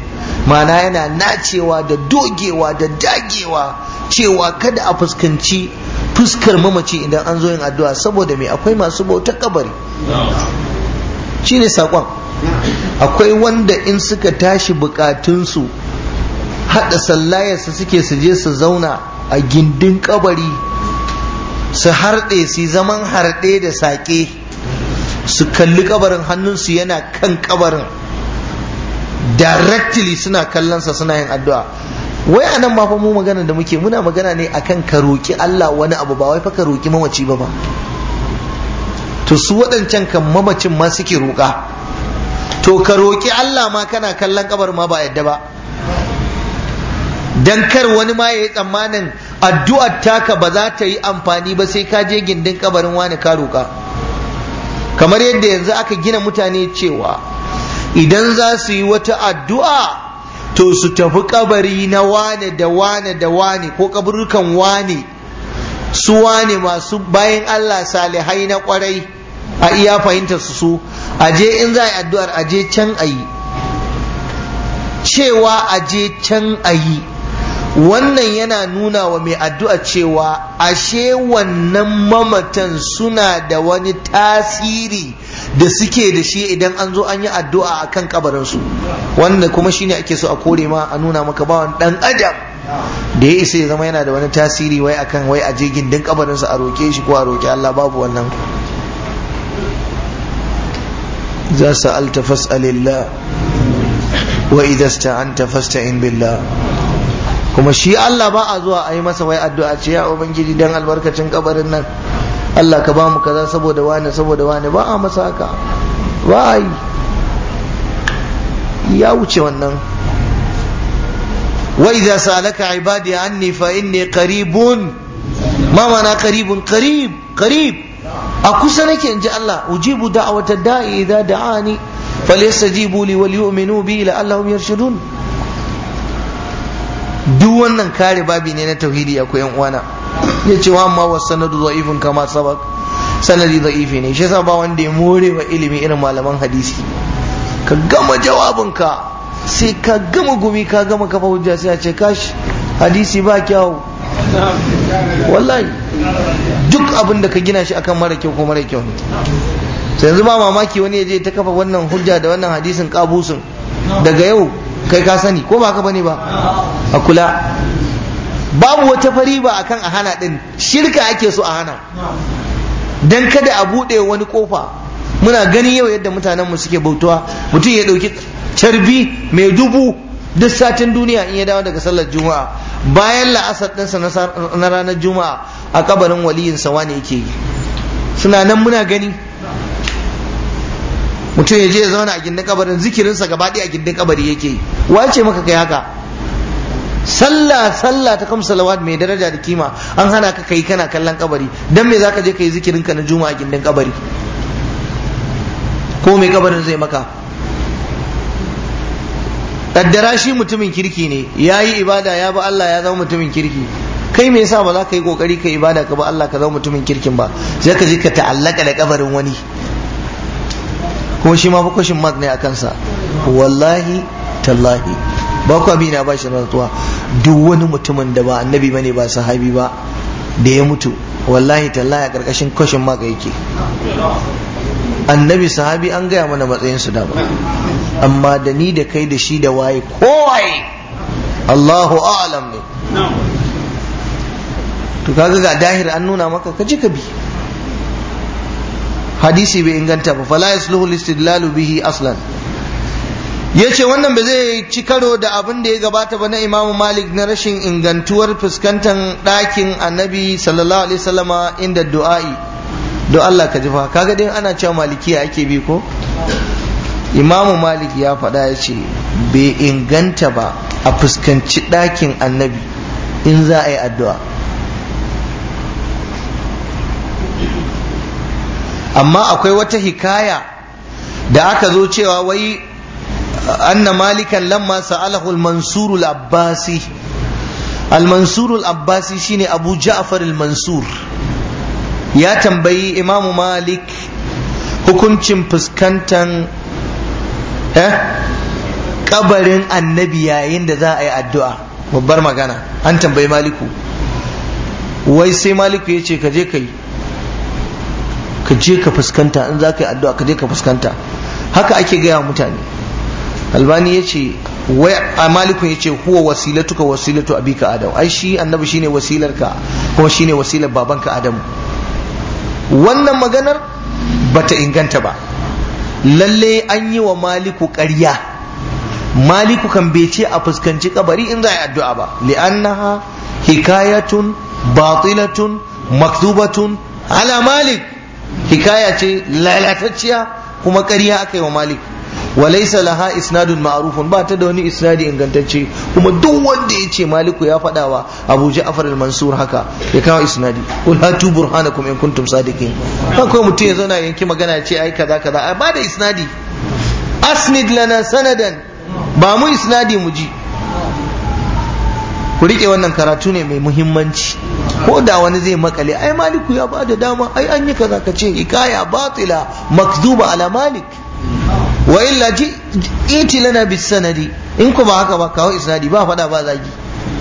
Speaker 1: ma'ana yana nacewa da dogewa da dagewa cewa kada a fuskanci fuskar mamaci idan an zo yin addu'a saboda me akwai masu bautar kabari shine sakon akwai wanda in suka tashi su. haɗa sallayarsa suke su je su zauna a gindin kabari su harɗe su zaman harɗe da saƙe su kalli kabarin hannunsu yana kan kabarin directly suna kallonsa suna yin addu'a wai anan nan fa mu magana da muke muna magana ne akan ka roƙi Allah wani abu ba wai fa ka roƙi mamaci ba ba to su waɗancan kan mamacin ma suke roƙa to ka roƙi Allah ma kana kallon kabar ma ba yadda ba dan kar wani ma yayi tsammanin addu'ar taka ba za ta yi amfani ba sai ka je gindin kabarin wani ka roka kamar yadda yanzu aka gina mutane cewa idan za su yi wata addu'a to su tafi kabari na wane da wane da wane ko kaburukan wane su wane masu bayan Allah salihai na kwarai a iya fahimta su su aje in za a addu'ar aje can ayi cewa aje can ayi wannan yana nuna wa mai addu'a cewa ashe wannan mamatan suna da wani tasiri da suke da shi idan an zo an yi addu'a a kan kabarinsu wannan kuma shi ne ake so a kore ma a nuna maka bawan dan adam da ya isa ya zama yana da wani tasiri wai akan wai a je gindin kabarinsa a roke shi ko a roke Allah babu wannan za su alta fas'alillah wa idasta ta fasta in billah kuma shi Allah ba a zuwa a yi masa wai addu'a ce ya ubangiji dan albarkacin kabarin nan Allah ka ba mu kaza saboda wani saboda wani ba a masa haka ba a yi ya wuce wannan wa idza salaka ibadi anni fa inni qaribun ma mana qaribun qarib qarib a kusa nake inji Allah ujibu da'wata da'i idza da'ani falyastajibu li wal yu'minu bi la'allahum yarshudun duk wannan kare babi ne na tauhidi akwai koyan uwana ya ce wa amma wasu sanadu za'ifin kama sabak sanadi za'ifi ne shi ba wanda ya more wa ilimi irin malaman hadisi ka gama jawabinka sai ka gama gumi ka gama kafa hujja sai a ce kashi hadisi ba kyau wallahi duk abin da ka gina shi akan mara kyau ko mara kyau ne sai yanzu ba mamaki wani ya je ta kafa wannan hujja da wannan hadisin kabusun daga yau kai ka sani ko ba ka bane ba a kula babu wata fari ba akan a hana din shirka ake so a hana dan kada a bude wani kofa muna gani yau yadda mutanen mu suke bautawa, mutum ya dauki carbi mai dubu duk satin duniya in ya dawo daga sallar juma'a bayan la'asar ɗinsa na ranar juma'a a kabarin waliyin sawa ne yake yi suna nan muna gani mutum ya je ya zauna a gindin kabarin zikirinsa gaba ɗaya a gindin kabari yake yi wace maka kai haka sallah sallah ta kamsa salawat mai daraja da kima an hana ka kai kana kallon kabari dan me zaka je kai zikirin ka na juma'a a gindin kabari ko mai kabarin zai maka kaddara shi mutumin kirki ne ya yi ibada ya bi Allah ya zama mutumin kirki kai me yasa ba za ka yi kokari ka ibada ka ba Allah ka zama mutumin kirkin ba sai ka je ka ta'allaka da kabarin wani kuma shi ma fa question ne a kansa wallahi tallahi ba ku abina ba shi rantsuwa duk wani mutumin da ba annabi ba ne ba sahabi ba da ya mutu wallahi tallahi a karkashin kwashin mark yake annabi sahabi an gaya mana matsayin su da ba amma da ni da kai da shi da waye kowaye Allahu a'lam ne to kaga ga dahir an nuna maka ka ji ka bi hadisi bai inganta ba fala yasluhu istidlalu bihi aslan yace wannan ba zai ci karo da abin da ya gabata ba na Imam Malik na rashin ingantuwar fuskantar ɗakin Annabi sallallahu alaihi wasallama inda du'a'i Do Allah ka ji fa kaga dai ana cewa malikiya ake bi ko Imam Malik ya faɗa ya ce bai inganta ba a fuskanci ɗakin Annabi in za a yi addu'a amma akwai wata hikaya da aka zo cewa wai anna malikan lamma sa'alahu al-mansur al-abbasi al-mansur al-abbasi shine abu ja'far al-mansur ya tambayi imamu malik hukuncin fuskantan eh kabarin annabi yayin da za a yi addu'a babbar magana an tambayi maliku wai sai maliku ya ce ka je ka yi ka je ka fuskanta in za ka yi addu'a ka je ka fuskanta haka ake gaya wa mutane albani ya ce a malikun ya ce huwa ka wasilatu ka adam ai shi annabi shine wasilar ka kuma shine wasilar babanka adam wannan maganar bata inganta ba lalle an yi wa maliku karya maliku kan bai ce a fuskanci kabari in za a yi addu'a ba li'annaha hikayatun batilatun maktubatun ala malik hikaya ce lalatacciya kuma ƙarya aka yi wa malik walaisa laha isnadun ma'arufun ba ta da wani isnadi ingantacce kuma duk wanda ya ce maliku ya faɗa wa abu ja'far al-mansur haka ya kawo isnadi qul hatu burhanakum in kuntum sadiqin ba kai mutum ya zauna yanki magana ya ce ai kaza kaza ba da isnadi asnid lana sanadan ba mu isnadi mu ji ku rike wannan karatu ne mai muhimmanci ko da wani zai makale ai maliku ya bada dama ai an yi kaza ka ce hikaya batila makzuba ala malik wa illa ji iti lana bis sanadi in ko ba haka ba kawo isnadi ba fada ba zagi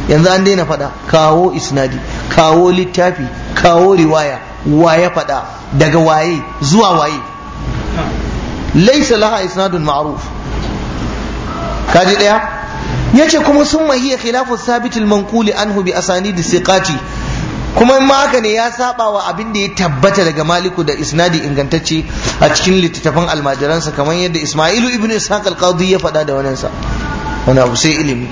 Speaker 1: yanzu an daina fada kawo isnadi kawo littafi kawo riwaya waye fada daga waye zuwa waye laysa laha isnadun ma'ruf kaji daya yace kuma sun mahiya khilafu al manquli anhu bi da siqati kuma in ma haka ne ya saba wa abin da ya tabbata daga maliku da isnadi ingantacce a cikin littattafan almajiransa kamar yadda ismailu ibn ishaq al-qadi ya fada da wanansa wani abu sai ilimi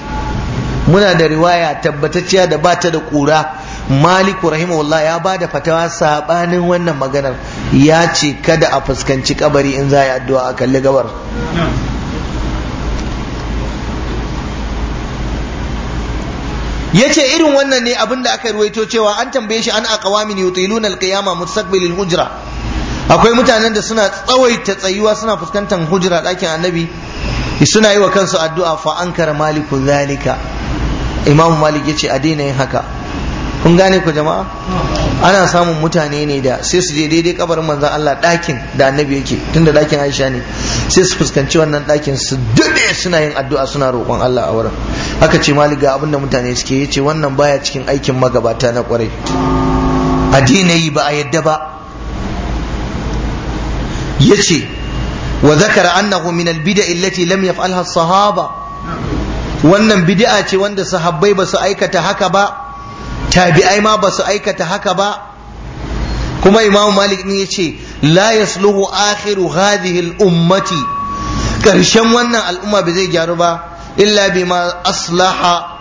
Speaker 1: muna da riwaya tabbatacciya da ba ta da ƙura maliku rahimahullah ya ba da fatawa sabanin wannan maganar ya ce kada a fuskanci kabari in za a yi addu'a a kalli gabar yace irin wannan ne abin da aka ruwaito cewa an tambaye shi an aqwamin yutiluna alqiyama mustaqbilil hujra akwai mutanen da suna tsawaita tsayuwa suna fuskantar hujra ɗakin annabi suna yi wa kansu addu'a fa ankara malikun zalika imamu malik yace a daina yin haka kun gane ku jama'a ana samun mutane ne da sai su je daidai kabarin manzon Allah dakin da annabi yake tunda dakin Aisha ne sai su fuskanci wannan dakin su dade suna yin addu'a suna roƙon Allah a wurin haka ce mali ga abinda mutane suke yace wannan baya cikin aikin magabata na kwarai addini ba a yadda ba yace wa zakara annahu min al-bid'a allati lam yaf'alha as-sahaba wannan bid'a ce wanda sahabbai ba su aikata haka ba tabi'ai ma ba su aikata haka ba kuma imamu malik ne ya ce la yasluhu akhiru hadhihi al-ummati karshen wannan al'umma ba zai gyaru ba illa bima aslaha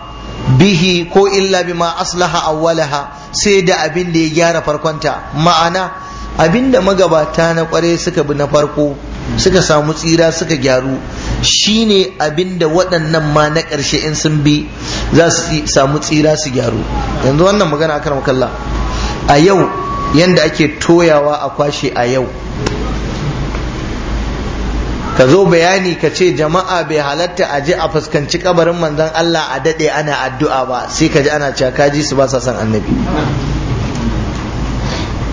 Speaker 1: bihi ko illa bima aslaha awwalaha sai da abin da ya gyara farkonta ma'ana abin da magabata na kware suka bi na farko suka samu tsira suka gyaru shine abinda waɗannan ma na ƙarshe in sun bi za su samu tsira su gyaru yanzu wannan magana akan makalla a yau yanda ake toyawa a kwashe a yau ka zo bayani ka ce jama'a bai halatta a je a fuskanci kabarin manzon Allah a daɗe ana addu'a ba sai ka ji ana cakaji kaji su ba sa son annabi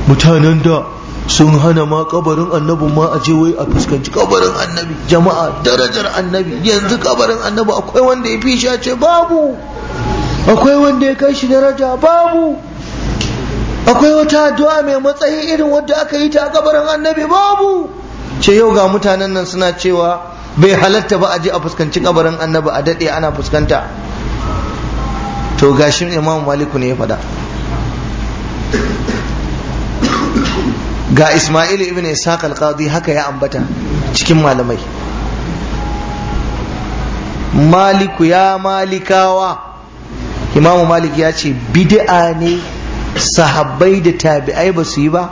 Speaker 1: mutanen da sun hana ma kabarin annabin ma a wai a fuskanci kabarin annabi jama'a darajar annabi yanzu kabarin annabi akwai wanda ya fi ce babu akwai wanda ya kai shi daraja babu akwai wata addu'a mai matsayi irin wadda aka yi ta a kabarin annabi babu ce yau ga mutanen nan suna cewa bai halatta ba a je a fuskanci kabarin annabi a daɗe ana fuskanta to gashin imam maliku ne ya faɗa ga Ismail ibn Ishaq al-Qadi haka ya ambata cikin malamai Maliku ya malikawa Imamu Malik ya ce bid'a ne sahabbai da tabi'ai ba su yi ba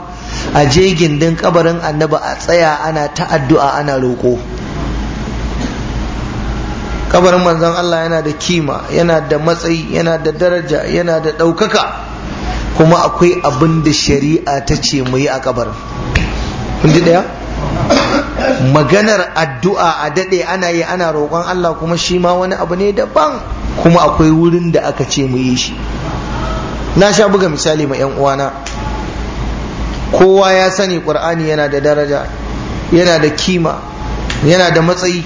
Speaker 1: a je gindin kabarin annaba a tsaya ana ta addu'a ana roƙo kabarin manzon Allah yana da kima yana da matsayi yana da daraja yana da ɗaukaka kuma akwai abin da shari'a ta ce mu yi a kabar kun ji daya maganar addu'a a daɗe ana yi ana roƙon Allah kuma shi ma wani abu ne daban kuma akwai wurin da aka ce mu yi shi na sha buga misali ma 'yan uwana kowa ya sani ƙur'ani yana da daraja yana da kima yana da matsayi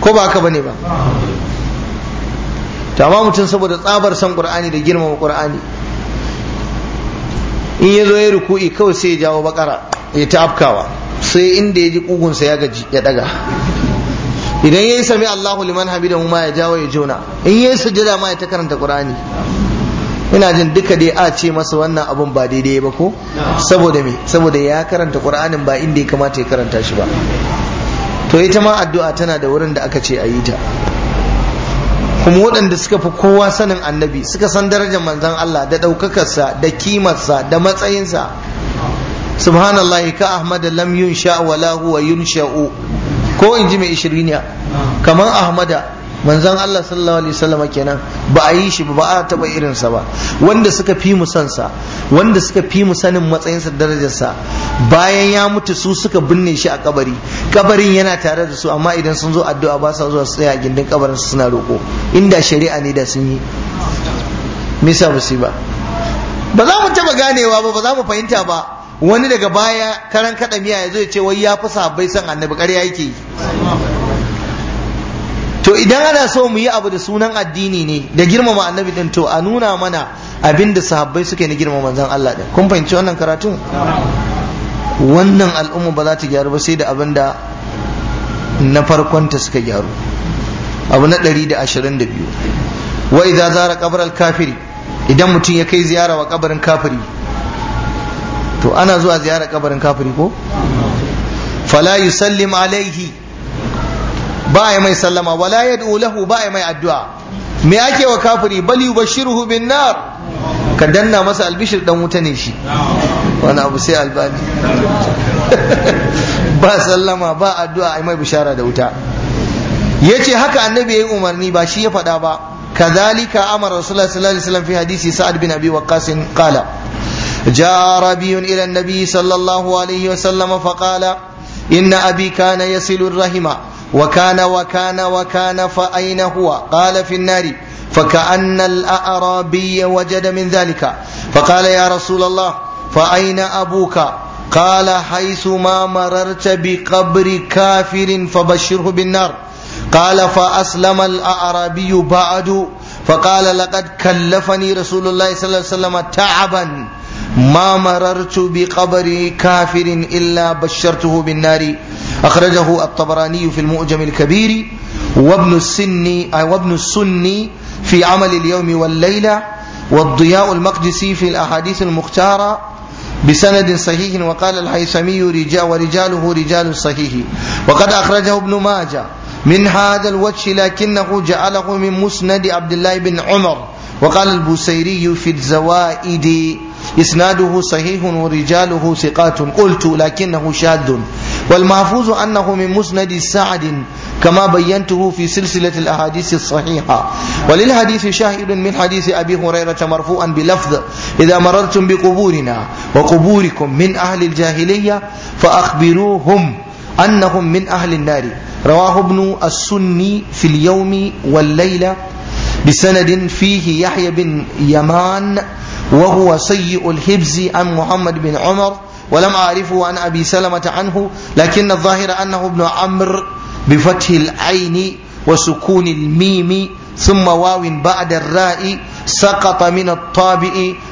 Speaker 1: ko ba haka bane ba ta ma mutum saboda tsabar san qur'ani da girmama qur'ani in ya zo ya ruku'i kawai sai ya jawo bakara ya ta afkawa sai inda ya ji kugunsa ya gaji ya daga idan ya yi sami Allahu liman mu ma ya jawo ya jona in ya yi sujada ma ya ta karanta qur'ani ina jin duka dai a ce masa wannan abun ba daidai ba ko saboda me saboda ya karanta qur'anin ba inda ya kamata ya karanta shi ba to ita ma addu'a tana da wurin da aka ce a yi ta kuma waɗanda suka fi kowa sanin annabi suka san darajar manzon Allah da ɗaukakarsa da kimarsa da matsayinsa subhanallahi ka ahmad lam yunsha wala huwa yunsha'u ko in ji mai ishiriniya kamar ahmada manzon Allah sallallahu alaihi wasallam kenan ba a yi shi ba a taba sa ba wanda suka fi mu san sa wanda suka fi mu sanin matsayin matsayinsa darajarsa bayan ya mutu su suka binne shi a kabari kabarin yana tare da su amma idan sun zo addu'a ba sa zuwa su tsaya a gindin kabarin su suna roko inda shari'a ne da sun yi me musiba ba ba za mu taba ganewa ba ba za mu fahimta ba wani daga baya karan kaɗa miya ya zo ya ce wai ya fi sahabbai san annabi ƙarya yake yi to idan ana so mu yi abu da sunan addini ne da girmama annabi din to a nuna mana abin da sahabbai suke na girmama manzon Allah din kun fahimci wannan karatu wannan al'umma ba za ta gyaru ba sai da abin da na farkon ta suka gyaru abu na 122 wa idza zara al kafiri idan mutum ya kai ziyara wa kabarin kafiri to ana zuwa ziyara kabarin kafiri ko fala yusallim alaihi ba ya mai sallama wala yad'u lahu ba ya mai addu'a me ake wa kafiri bal yubashiruhu bin nar ka danna masa albishir dan wuta ne shi wani abu sai albani [laughs] ba sallama ba addu'a ai mai bishara da wuta yace haka annabi yayi umarni ba shi ya faɗa ba kadhalika amara rasulullahi sallallahu alaihi wasallam fi hadisi sa'ad bin abi waqqas qala جاء ربي إلى النبي صلى الله عليه وسلم فقال إن أبي كان يصل الرحمة وكان وكان وكان فأين هو قال في النار فكأن الأعرابي وجد من ذلك فقال يا رسول الله فأين أبوك قال حيث ما مررت بقبر كافر فبشره بالنار قال فأسلم الأعرابي بعد فقال لقد كلفني رسول الله صلى الله عليه وسلم تعبا ما مررت بقبر كافر إلا بشرته بالنار أخرجه الطبراني في المؤجم الكبير وابن السني آه، وابن السني في عمل اليوم والليلة والضياء المقدسي في الأحاديث المختارة بسند صحيح وقال الهيثمي رجال ورجاله رجال صحيح وقد أخرجه ابن ماجه من هذا الوجه لكنه جعله من مسند عبد الله بن عمر وقال البوسيري في الزوائد إسناده صحيح ورجاله ثقات قلت لكنه شاد والمحفوظ أنه من مسند سعد كما بينته في سلسلة الأحاديث الصحيحة وللحديث شاهد من حديث أبي هريرة مرفوعا بلفظ إذا مررتم بقبورنا وقبوركم من أهل الجاهلية فأخبروهم أنهم من أهل النار رواه ابن السني في اليوم والليلة بسند فيه يحيى بن يمان وهو سيء الحفظ عن محمد بن عمر ولم أعرفه عن أبي سلمة عنه لكن الظاهر أنه ابن عمرو بفتح العين وسكون الميم ثم واو بعد الراء سقط من الطابع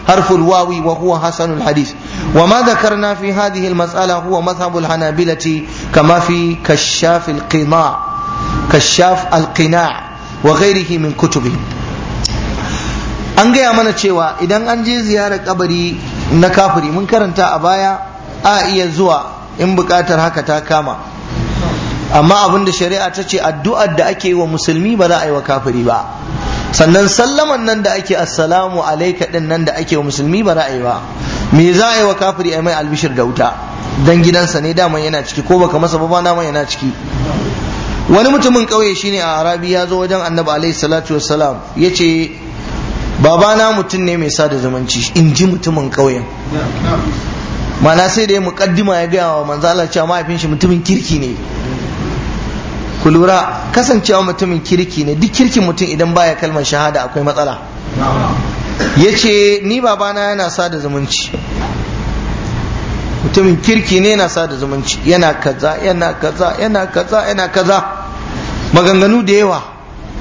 Speaker 1: حرف الواو وهو حسن الحديث وما ذكرنا في هذه المسألة هو مذهب الحنابلة كما في كشاف القناع كشاف القناع وغيره من كتبهم an gaya mana cewa idan an je ziyarar kabari na kafiri mun karanta a baya a iya zuwa in bukatar haka ta kama amma abin da shari'a ta ce addu'ar da ake yi wa musulmi ba za a yi wa kafiri ba sannan sallaman nan da ake assalamu alaika din nan da ake wa musulmi ba za a yi ba me za a yi wa kafiri a mai albishir da wuta dan gidansa ne dama yana ciki ko baka masa ba dama yana ciki wani mutumin ƙauye shine a arabi ya zo wajen annabi alaihi salatu wassalam yace babana mutum ne mai sada zumunci in ji mutumin ƙauyen mana sai da ya muƙaddima ya gaya wa manzo Allah cewa mahaifin shi mutumin kirki ne ku lura kasancewa mutumin kirki ne duk kirkin mutum idan baya kalmar shahada akwai matsala ya ce ni babana yana sada zumunci mutumin kirki ne yana sada zumunci yana kaza yana kaza yana kaza yana kaza maganganu da yawa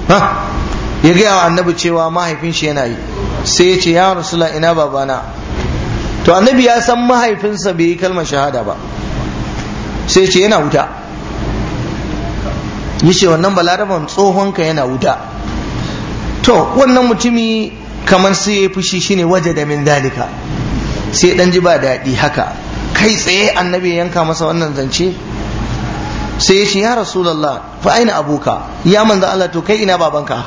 Speaker 1: ha ya gaya wa annabi cewa mahaifin shi yana yi sai ya ce ya rasula ina babana to annabi ya san mahaifinsa bai yi kalmar shahada ba sai ce yana wuta ya ce wannan balaraban tsohonka yana wuta to wannan mutumi kamar sai ya fushi shine waje da min dalika sai dan ji ba daɗi haka kai tsaye annabi ya yanka masa wannan zance sai ya ce ya rasulallah fa aina abuka ya manzo Allah to kai ina babanka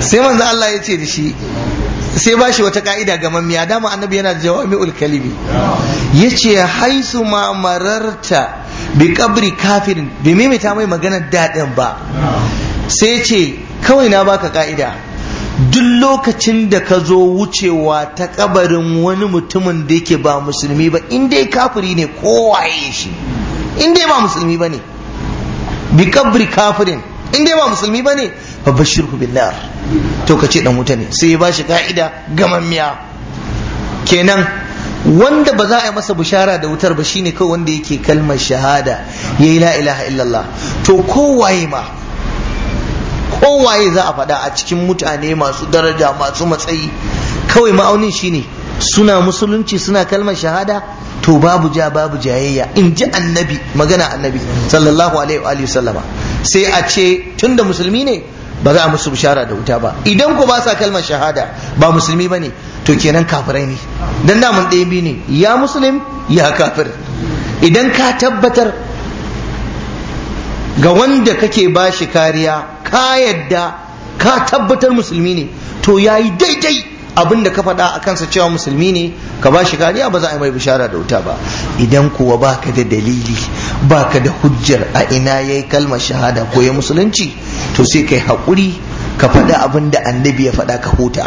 Speaker 1: sai manzo Allah ya ce da shi sai ba shi wata ka'ida ga mamiya dama annabi yana da jawami'ul kalimi yace haisu ma mararta bi kabri kafirin bai maimaita mai magana daɗin ba sai ce kawai na baka ka'ida duk lokacin da ka zo wucewa ta kabarin wani mutumin da yake ba musulmi ba in dai kafiri ne kowaye shi in dai ba musulmi ba ne bi kabri kafirin in dai ba musulmi ba ne ba bashirku billah to ka ce dan wuta ne sai ya bashi ka'ida miya. kenan wanda ba za a yi masa bishara da wutar ba shine kawai wanda yake kalmar shahada yayi la ilaha illallah to kowaye ma kowaye za a faɗa a cikin mutane masu daraja masu matsayi kawai ma'aunin shine suna musulunci suna kalmar shahada to babu ja babu jayayya in ji annabi magana annabi sallallahu alaihi wa sallama sai a ce tunda musulmi ne ba za a musu bishara da wuta ba idan ku ba sa kalmar shahada ba musulmi ba ne to kenan kafirai ne dan naman ɗaya biyu ne ya musulmi ya kafir idan ka tabbatar ga wanda kake bashi kariya ka yadda ka tabbatar musulmi ne to yayi daidai abin da ka faɗa a kansa cewa musulmi ne ka ba shi kariya ba za a yi mai bishara da wuta ba idan kuwa baka da dalili baka da hujjar a ina ya yi kalmar shahada ko ya musulunci to sai kai haƙuri ka faɗi abin da annabi ya faɗa ka huta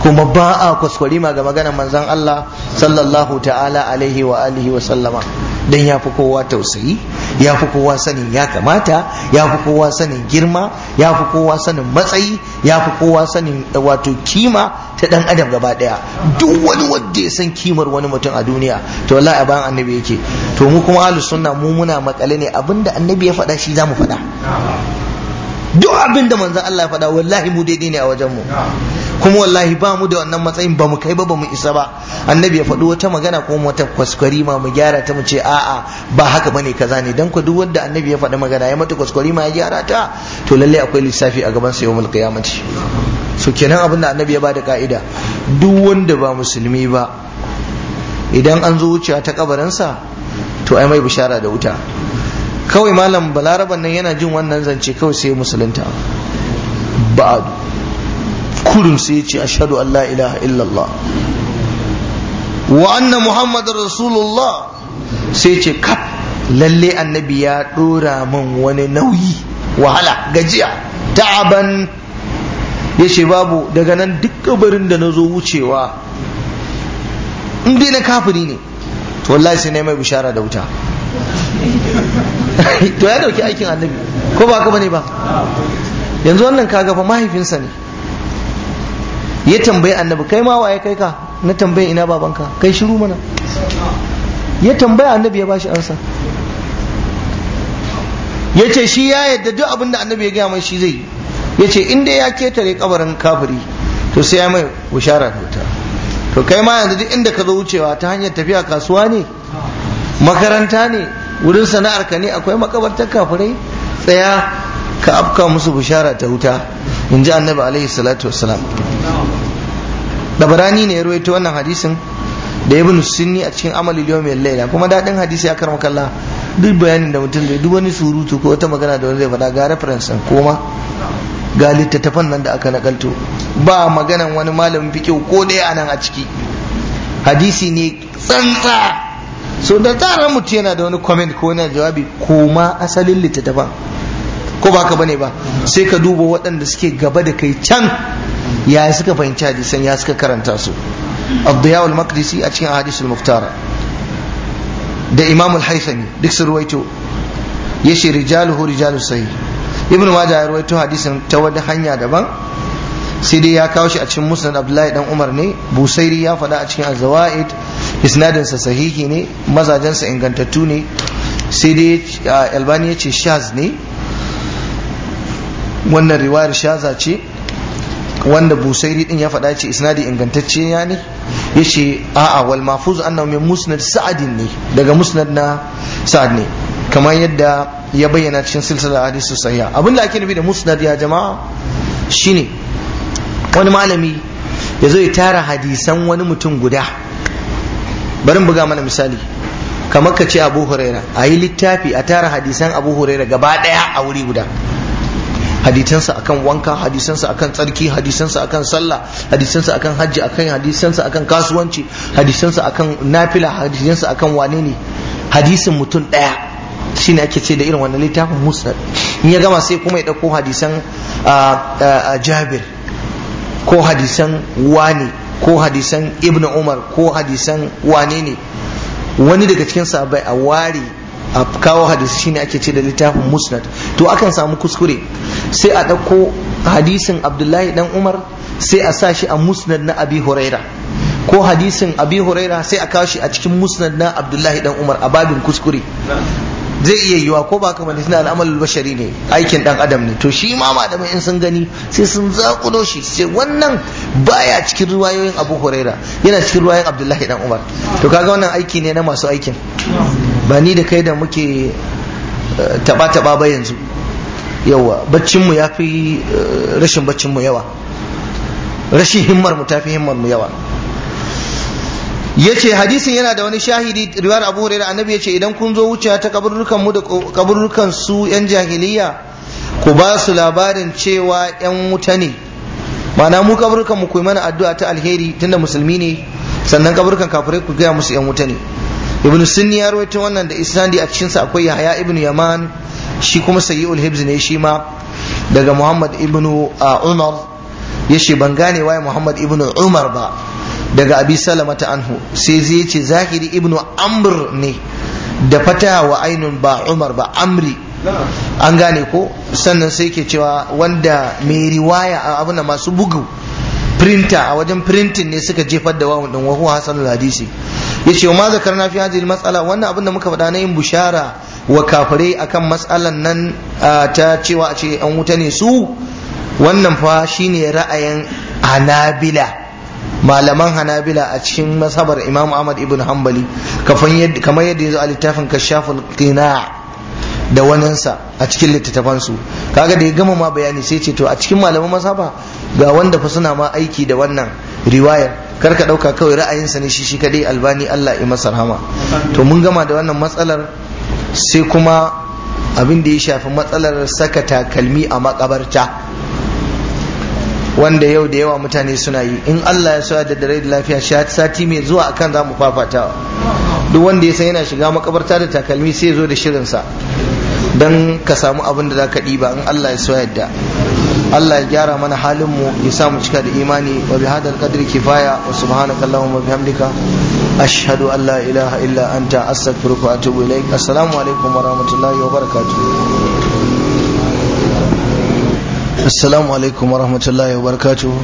Speaker 1: kuma ba a kuskure ma ga maganar manzon Allah sallallahu ta'ala alaihi wa alihi wa sallama don ya fi kowa tausayi ya fi kowa sanin ya kamata ya fi kowa sanin girma ya fi kowa sanin matsayi ya fi kowa sanin eh, wato kima ta dan adam gaba daya duk wani wanda ya san kimar wani mutum a duniya to wallahi a bayan annabi yake to mu kuma ahlus sunna mu muna makale ne abinda annabi ya faɗa shi zamu faɗa duk abinda manzon Allah ya faɗa wallahi mu daidai ne a wajen mu kuma wallahi ba mu da wannan matsayin ba mu kai ba ba mu isa ba annabi ya faɗi wata magana ko wata kwaskwarima mu gyara ta mu ce a'a ba haka bane kaza ne dan ku duk wanda annabi ya faɗi magana ya mata kwaskwarima ya gyara ta to lalle akwai lissafi a gaban sa yawmul qiyamati so kenan abin da annabi ya bada ka'ida duk wanda ba musulmi ba idan an zo wucewa ta kabarinsa to ai mai bishara da wuta kawai malam balaraban nan yana jin wannan zance kawai sai musulunta ba'adu kudun sai ce ashhadu Allah la ilaha illallah wa anna muhammadar rasulullah sai ce kaf lalle annabi ya ɗora min wani nauyi wahala gajiya ta'aban ya ce babu daga nan duk kabarin da na zo wucewa in dai na kafiri ne to wallahi sai na mai bishara da wuta [laughs] to ya dauki aikin annabi ko ba ka bane ba yanzu wannan kaga fa mahaifinsa ne ya tambayi annabi kai ma waye kai ka na tambayi ina babanka kai shiru mana ya tambayi annabi ya bashi ansa ya ce shi ya yadda duk abin da annabi ya gaya mai shi zai ya ce in dai ya ketare kabarin kafiri to sai ya mai bushara da wuta to kai ma yanzu duk inda ka zo wucewa ta hanyar tafiya kasuwa ne makaranta ne wurin sana'ar ka ne akwai makabartar kafirai tsaya ka afka musu bushara ta wuta in ji annabi alaihi salatu wassalam dabarani ne ya ruwaito wannan hadisin da ibn sunni a cikin amali yawm al-laila kuma dadin hadisi ya karma kalla duk bayanin da mutum zai duk wani surutu ko wata magana da wani zai faɗa ga reference din koma ga littattafan nan da aka nakalto ba maganan wani malamin fiqh ko daya a nan a ciki hadisi ne tsantsa so da tsaran mutum yana da wani comment ko yana jawabi koma asalin littattafan ko ba ka bane ba sai ka duba waɗanda suke gaba da kai can ya suka fahimci hadisan ya suka karanta su abdiya al-maqdisi a cikin hadisul muftara da imam al-haythami duk sun ruwaito yace rijaluhu rijalu sahih ibnu majah ya ruwaito hadisin ta wani hanya daban sai dai ya kawo shi a cikin musnad abdullahi dan umar ne busairi ya faɗa a cikin az-zawaid isnadin sahihi ne mazajensa sa ingantattu ne sai dai albani yace shaz ne wannan riwayar shaza ce wanda busairi din ya faɗa ce isnadi ingantacce ya ne Ya yace a'a wal mafuzu annahu min musnad sa'adin ne daga musnad na sa'ad ne kamar yadda ya bayyana cikin silsilar hadisu sahiha abinda ake nufi da musnad ya jama'a shine wani malami ya zo ya tara hadisan wani mutum guda bari buga mana misali kamar ka ce abu huraira a yi littafi a tara hadisan abu huraira gaba ɗaya a wuri guda hadisansa akan wanka hadisansa akan tsarki hadisansa akan sallah hadisansa akan hajji akan hadisansa akan kasuwanci hadisansa akan nafila hadisansa akan wane ne hadisin mutum daya. shine ake ce da irin wannan littafin musnad in ya gama sai kuma ya ɗauko hadisan jabir ko hadisan wane ko hadisan ibn umar ko hadisan wane ne wani daga cikin sahabbai a ware a kawo hadisi shine ake ce da littafin musnad to akan samu kuskure sai a ɗauko hadisin abdullahi dan umar sai a sa shi a musnad na abi huraira ko hadisin abi huraira sai a kawo shi a cikin musnad na abdullahi dan umar a babin kuskure zai iya yiwa ko ba kamar suna al'amalul bashari ne aikin dan adam ne to shi ma malamai in sun gani sai sun zakulo shi sai wannan baya cikin ruwayoyin abu huraira yana cikin ruwayoyin abdullahi dan umar to kaga wannan aiki ne na masu aikin ba ni da kai da muke eh, taba-taba ba yanzu yawa baccinmu ya fi eh, rashin baccinmu yawa rashin himmar mu ta fi himmar mu yawa yace hadisin yana da wani shahidi riwayar Abu Hurairah annabi yace idan kun zo wucewa ta kaburrukan mu da kaburrukan su yan jahiliya ku ba su labarin cewa yan wuta ne ma'ana mu kaburrukan mu ku mana addu'a ta alheri tunda musulmi ne sannan kaburrukan kafirai ku gaya musu yan wuta ne ibn sunni ya rawaito wannan da isnadi a cikinsa akwai yahya ibn yaman shi kuma sayyi'ul hibz ne shi ma daga muhammad ibn uh, umar yace ban gane waye muhammad ibn umar ba daga abi salamata anhu sai zai ce zahiri ibn amr ne da fata wa ainun ba umar ba amri an gane ko sannan sai ke cewa wanda mai riwaya a uh, abin masu bugu printer a wajen printing ne suka jefar da wawan din wahu huwa hasanul hadisi yace ma zakarna fi hadhihi mas'ala wannan abin da muka faɗa na yin bushara wa kafare akan mas'alan nan ta cewa a ce an wuta ne su wannan fa shine ra'ayin hanabila malaman hanabila a cikin masabar imam ahmad ibn hanbali kamar yadda ya zo a littafin kashafin qina' da waninsa a cikin littattafansu kaga da ya gama ma bayani sai ce to a cikin malaman masaba ga wanda fa suna ma aiki da wannan riwayar kar ka ɗauka kawai ra'ayinsa ne shi shi kadai albani Allah ya masa rahama to mun gama da wannan matsalar sai kuma abin da ya shafi matsalar saka takalmi a makabarta wanda yau da yawa mutane suna yi in Allah ya sa da dare da lafiya sati mai zuwa akan za mu fafatawa duk wanda ya san yana shiga makabarta da takalmi sai ya zo da shirinsa don ka samu abin da za ka ɗiba in Allah ya so yadda Allah ya gyara mana halin mu ya sa mu cika da imani wa bi hadal qadri kifaya wa subhanaka allahumma wa bihamdika ashhadu an la ilaha illa anta astaghfiruka wa atubu ilaik assalamu alaikum wa wa alaikum wa wa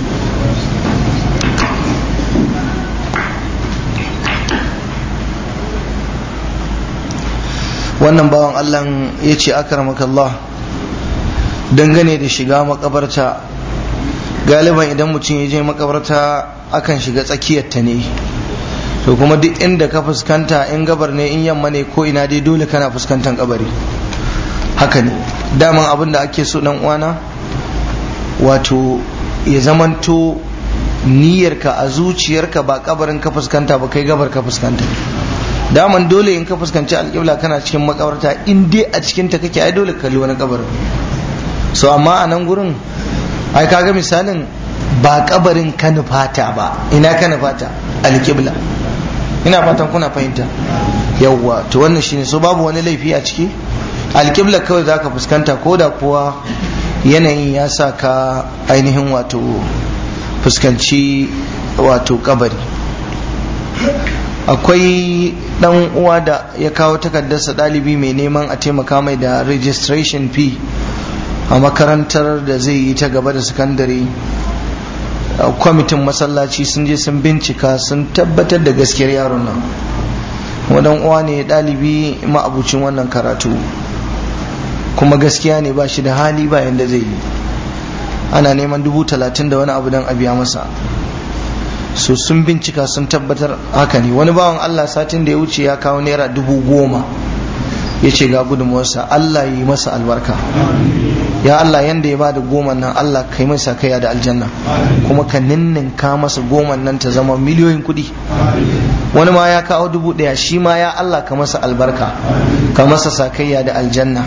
Speaker 1: wannan bawan Allah ya ce akramaka Allah dangane da shiga makabarta galiban idan mutum ya je makabarta akan shiga tsakiyarta ne to kuma duk inda ka fuskanta in gabar ne in yamma ne ko ina dai dole kana fuskantar kabari haka ne daman abin da ake so dan uwana wato ya zamanto niyyarka a zuciyarka ba kabarin ka fuskanta ba kai gabar ka fuskanta daman dole in ka fuskanci alƙibla kana cikin makabarta in dai a cikinta kake ai dole kalli wani kabarin so amma a nan gurin ai ga misalin ba kabarin ka fata ba ina ka fata alƙibla ina fatan kuna fahimta yawwa to wannan shine so babu wani laifi a ciki alƙibla kawai za ka fuskanta ko da kuwa yanayin ya sa ka ainihin wato fuskanci wato kabari akwai dan uwa da ya kawo takardarsa ɗalibi mai neman a taimaka mai da registration fee a makarantar da zai yi ta gaba da sakandare kwamitin masallaci sun je sun bincika sun tabbatar da gaskiyar yaron nan wadan uwa ne dalibi ma'abucin wannan karatu kuma gaskiya ne ba shi da hali bayan da zai yi ana neman dubu talatin da wani abu don a biya masa so sun bincika sun tabbatar haka ne wani bawan allah satin da ya wuce ya kawo naira dubu goma ya ce ga gudunmuwarsa Allah yi masa albarka ya Allah yanda ya bada goma nan Allah kai masa kaya da aljanna kuma ka ninninka masa goma nan ta zama miliyoyin kudi wani ma ya kawo dubu daya shi ma ya Allah ka masa albarka ka masa sakayya da aljanna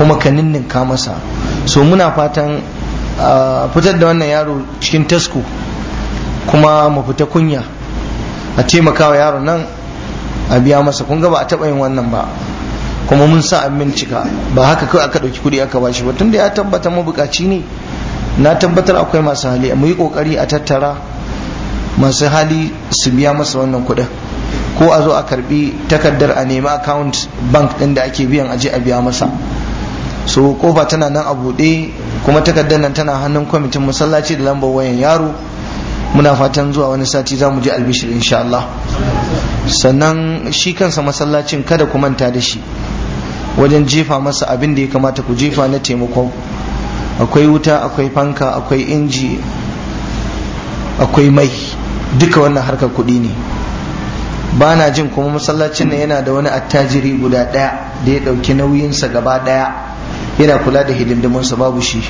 Speaker 1: kuma ka ninninka masa so muna fatan fitar da wannan yaro cikin tasko kuma mu fita kunya a taimakawa yaro nan a biya masa kun ga ba a taɓa yin wannan ba kuma mun sa an cika ba haka kawai aka ɗauki kuɗi aka bashi ba tunda ya tabbata mabukaci ne na tabbatar akwai masu hali mu yi ƙoƙari a tattara masu hali su biya masa wannan kuɗin ko a zo a karbi takardar a nemi account bank ɗin da ake biyan aje a biya masa so kofa tana nan a buɗe kuma takardar nan tana hannun kwamitin masallaci da lambar wayan yaro muna fatan zuwa wani sati za mu je albishir insha Allah sannan shi kansa masallacin kada ku manta da shi wajen jefa masa abin da ya kamata ku jefa na taimakon akwai wuta akwai fanka akwai inji akwai mai duka wannan harkar kuɗi ne ba na jin kuma masallacin nan yana da wani attajiri guda ɗaya da ya ɗauki nauyinsa gaba ɗaya yana kula da hidindimunsa babu shi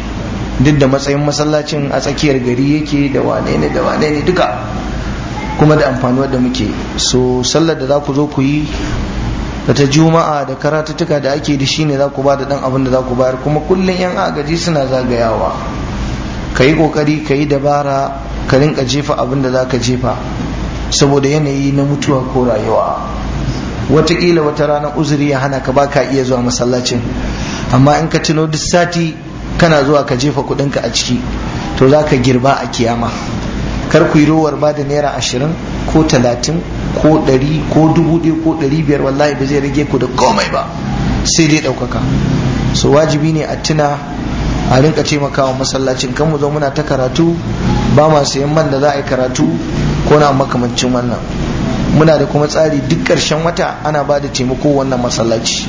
Speaker 1: duk da matsayin masallacin a tsakiyar gari yake da wane ne da wane ne duka kuma da amfani wadda muke so sallar da za ku zo ku yi da ta juma'a da karatuttuka da ake da shi ne za ku ba da ɗan abin da za ku bayar kuma kullum 'yan agaji suna zagayawa ka yi ƙoƙari ka yi dabara ka rinka jefa abin da za ka jefa saboda yanayi na mutuwa ko rayuwa Wataƙila wata rana uzuri ya hana ka baka iya zuwa masallacin amma in ka tuno duk sati kana zuwa ka jefa kuɗinka a ciki to za ka girba a kiyama kar ku yi rowar ba da naira ashirin ko talatin ko ɗari ko dubu ɗaya ko ɗari biyar wallahi ba zai rage ku da komai ba sai dai ɗaukaka so wajibi ne a tuna a rinka taimakawa masallacin kan mu zo muna ta karatu ba ma sayan man da za a yi karatu ko na makamancin wannan muna da kuma tsari duk ƙarshen wata ana ba da taimako wannan masallaci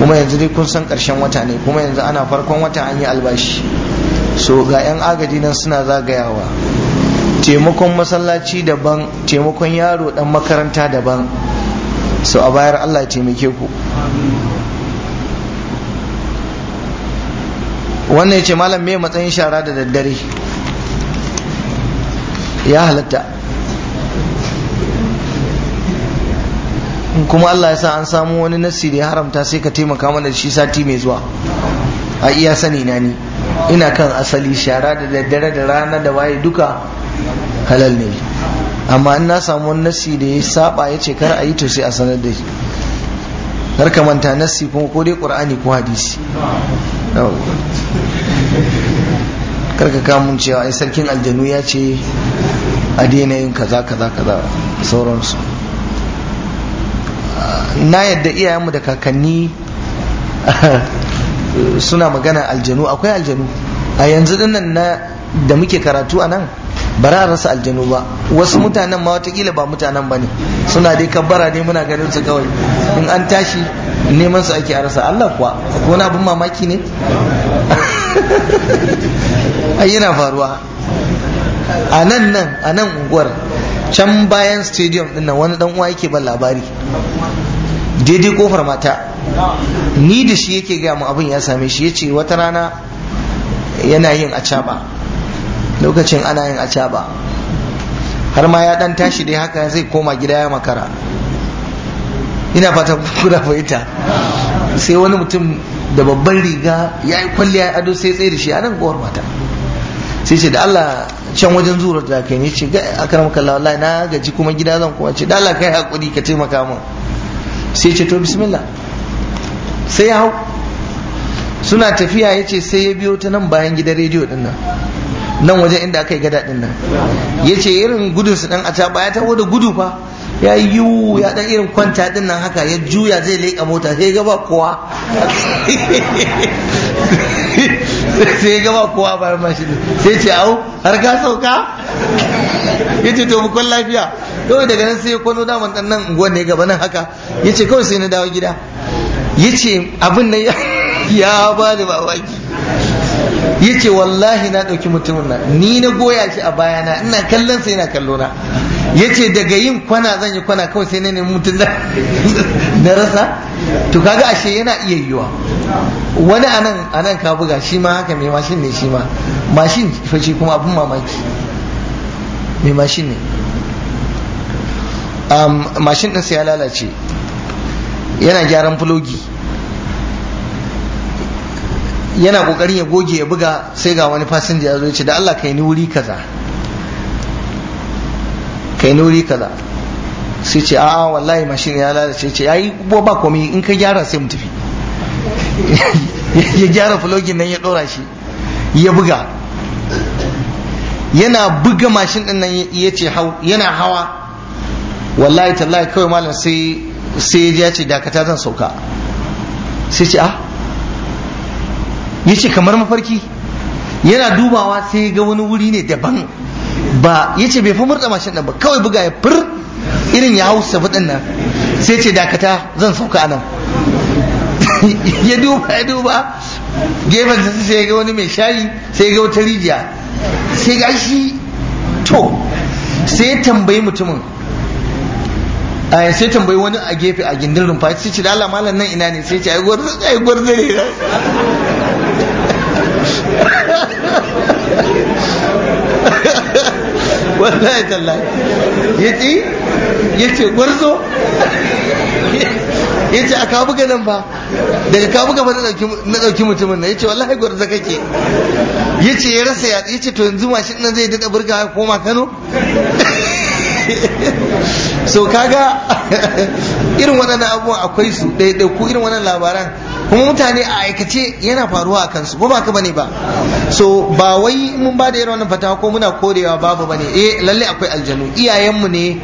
Speaker 1: kuma yanzu dai kun san ƙarshen wata ne kuma yanzu ana farkon wata an yi albashi so ga 'yan agaji nan suna zagayawa taimakon masallaci daban taimakon yaro dan makaranta daban so a bayar Allah ya taimake ku wannan ya ce malam mai matsayin shara da daddare ya halatta kuma Allah ya sa an samu wani nassi da ya haramta sai ka taimaka mana shi sati mai zuwa a iya sani na ni ina kan asali shara da daddare da rana da waye duka halal ne amma in na samu wani nassi da ya saba ya ce kar a yi to sai a sanar da shi kar ka manta nassi kuma ko dai qur'ani ko hadisi kar ka kamun cewa ai sarkin aljanu ya ce a daina yin kaza kaza kaza sauransu na yadda iyayenmu da kakanni [laughs] suna magana aljanu akwai aljanu a yanzu dinnan na da muke karatu a nan bara a rasa aljanu ba wasu mutanen ma watakila ba mutanen ba ne suna dai kabbara ne muna ganin su kawai in an tashi neman su ake a Allah kuwa wani abin mamaki ne [laughs] ai yana faruwa a nan nan a nan unguwar can bayan stadium din nan wani dan uwa yake ban labari daidai kofar mata ni da shi yake gaya mu abin ya same shi yace wata rana yana yin acaba lokacin ana yin acaba har ma ya dan tashi dai haka zai koma gida ya makara ina fata [laughs] kuna fahimta sai wani mutum da babban riga ya yi kwalliya ado sai tsaye da shi a nan gowar mata sai ce da Allah can wajen zuwa da ka ne ce a akram kalla wallahi na gaji kuma gida zan kuma ce da Allah kai haƙuri ka taimaka min sai ce to bismillah sai ya hau suna tafiya ya ce sai ya biyo ta nan bayan gidan rediyo din nan nan wajen inda aka yi gada din nan ya ce irin gudun su dan a ya taho da gudu fa ya yi yiwu ya dan irin kwanta din nan haka ya juya zai leƙa mota sai ga ba kowa [laughs] sai ga ba kowa bayan mashin sai ce au har ka sauka ya ce to bukon lafiya kawai daga nan sai ya kwano daman dan nan unguwan ne gaba nan haka ya ce kawai sai na dawo gida ya ce abin nan ya ba da babaki yace wallahi na ɗauki mutumin nan ni na goya shi a bayana ina kallon sai yana kallo na yace daga yin kwana zan yi kwana kawai sai na nemi mutum na rasa to kaga ashe yana iya yiwa wani anan anan ka buga shi ma haka mai mashin ne shi ma mashin fa shi kuma abun mamaki mai mashin ne mashin sai ya lalace yana gyaran fulogi yana kokarin ya goge ya buga sai ga wani fasinja ya zo ya ce da Allah kai ni wuri kaza kai ni wuri kaza sai ce a'a wallahi mashin ya lalace ce yayi bo ba komai in ka gyara sai mu tafi ya gyara flogin nan ya dora shi ya buga yana buga mashin din nan ya ce hau yana hawa wallahi tallahi kawai malam sai sai ya ce dakata zan sauka sai ce ah ya ce kamar mafarki yana dubawa sai ya ga wani wuri ne daban ba ya ce bai fi murɗa mashin nan ba kawai buga ya fir irin ya hau sabu nan sai ce dakata zan sauka nan. [laughs] ya duba ya duba gefen sai sai ya ga wani mai shayi sai ya ga wata rijiya sai ga shi to sai ya tambayi mutumin sai tambayi wani a gefe a gindin rumfa sai ce da Allah malam nan ina ne sai ce ai gwarzo ai gwarzo ne wallahi tallahi yace yace gwarzo yace aka buga nan ba daga ka buga ba na dauki mutumin nan yace wallahi gwarzo kake yace ya rasa ya yace to yanzu mashin nan zai dada burga koma Kano so kaga irin wannan abubuwan akwai su ku irin wannan labaran kuma mutane a aikace yana faruwa a kansu ko ba ka bane ba so ba wai mun ba da irin wannan fatawa ko muna korewa babu bane eh lalle akwai aljanu iyayenmu ne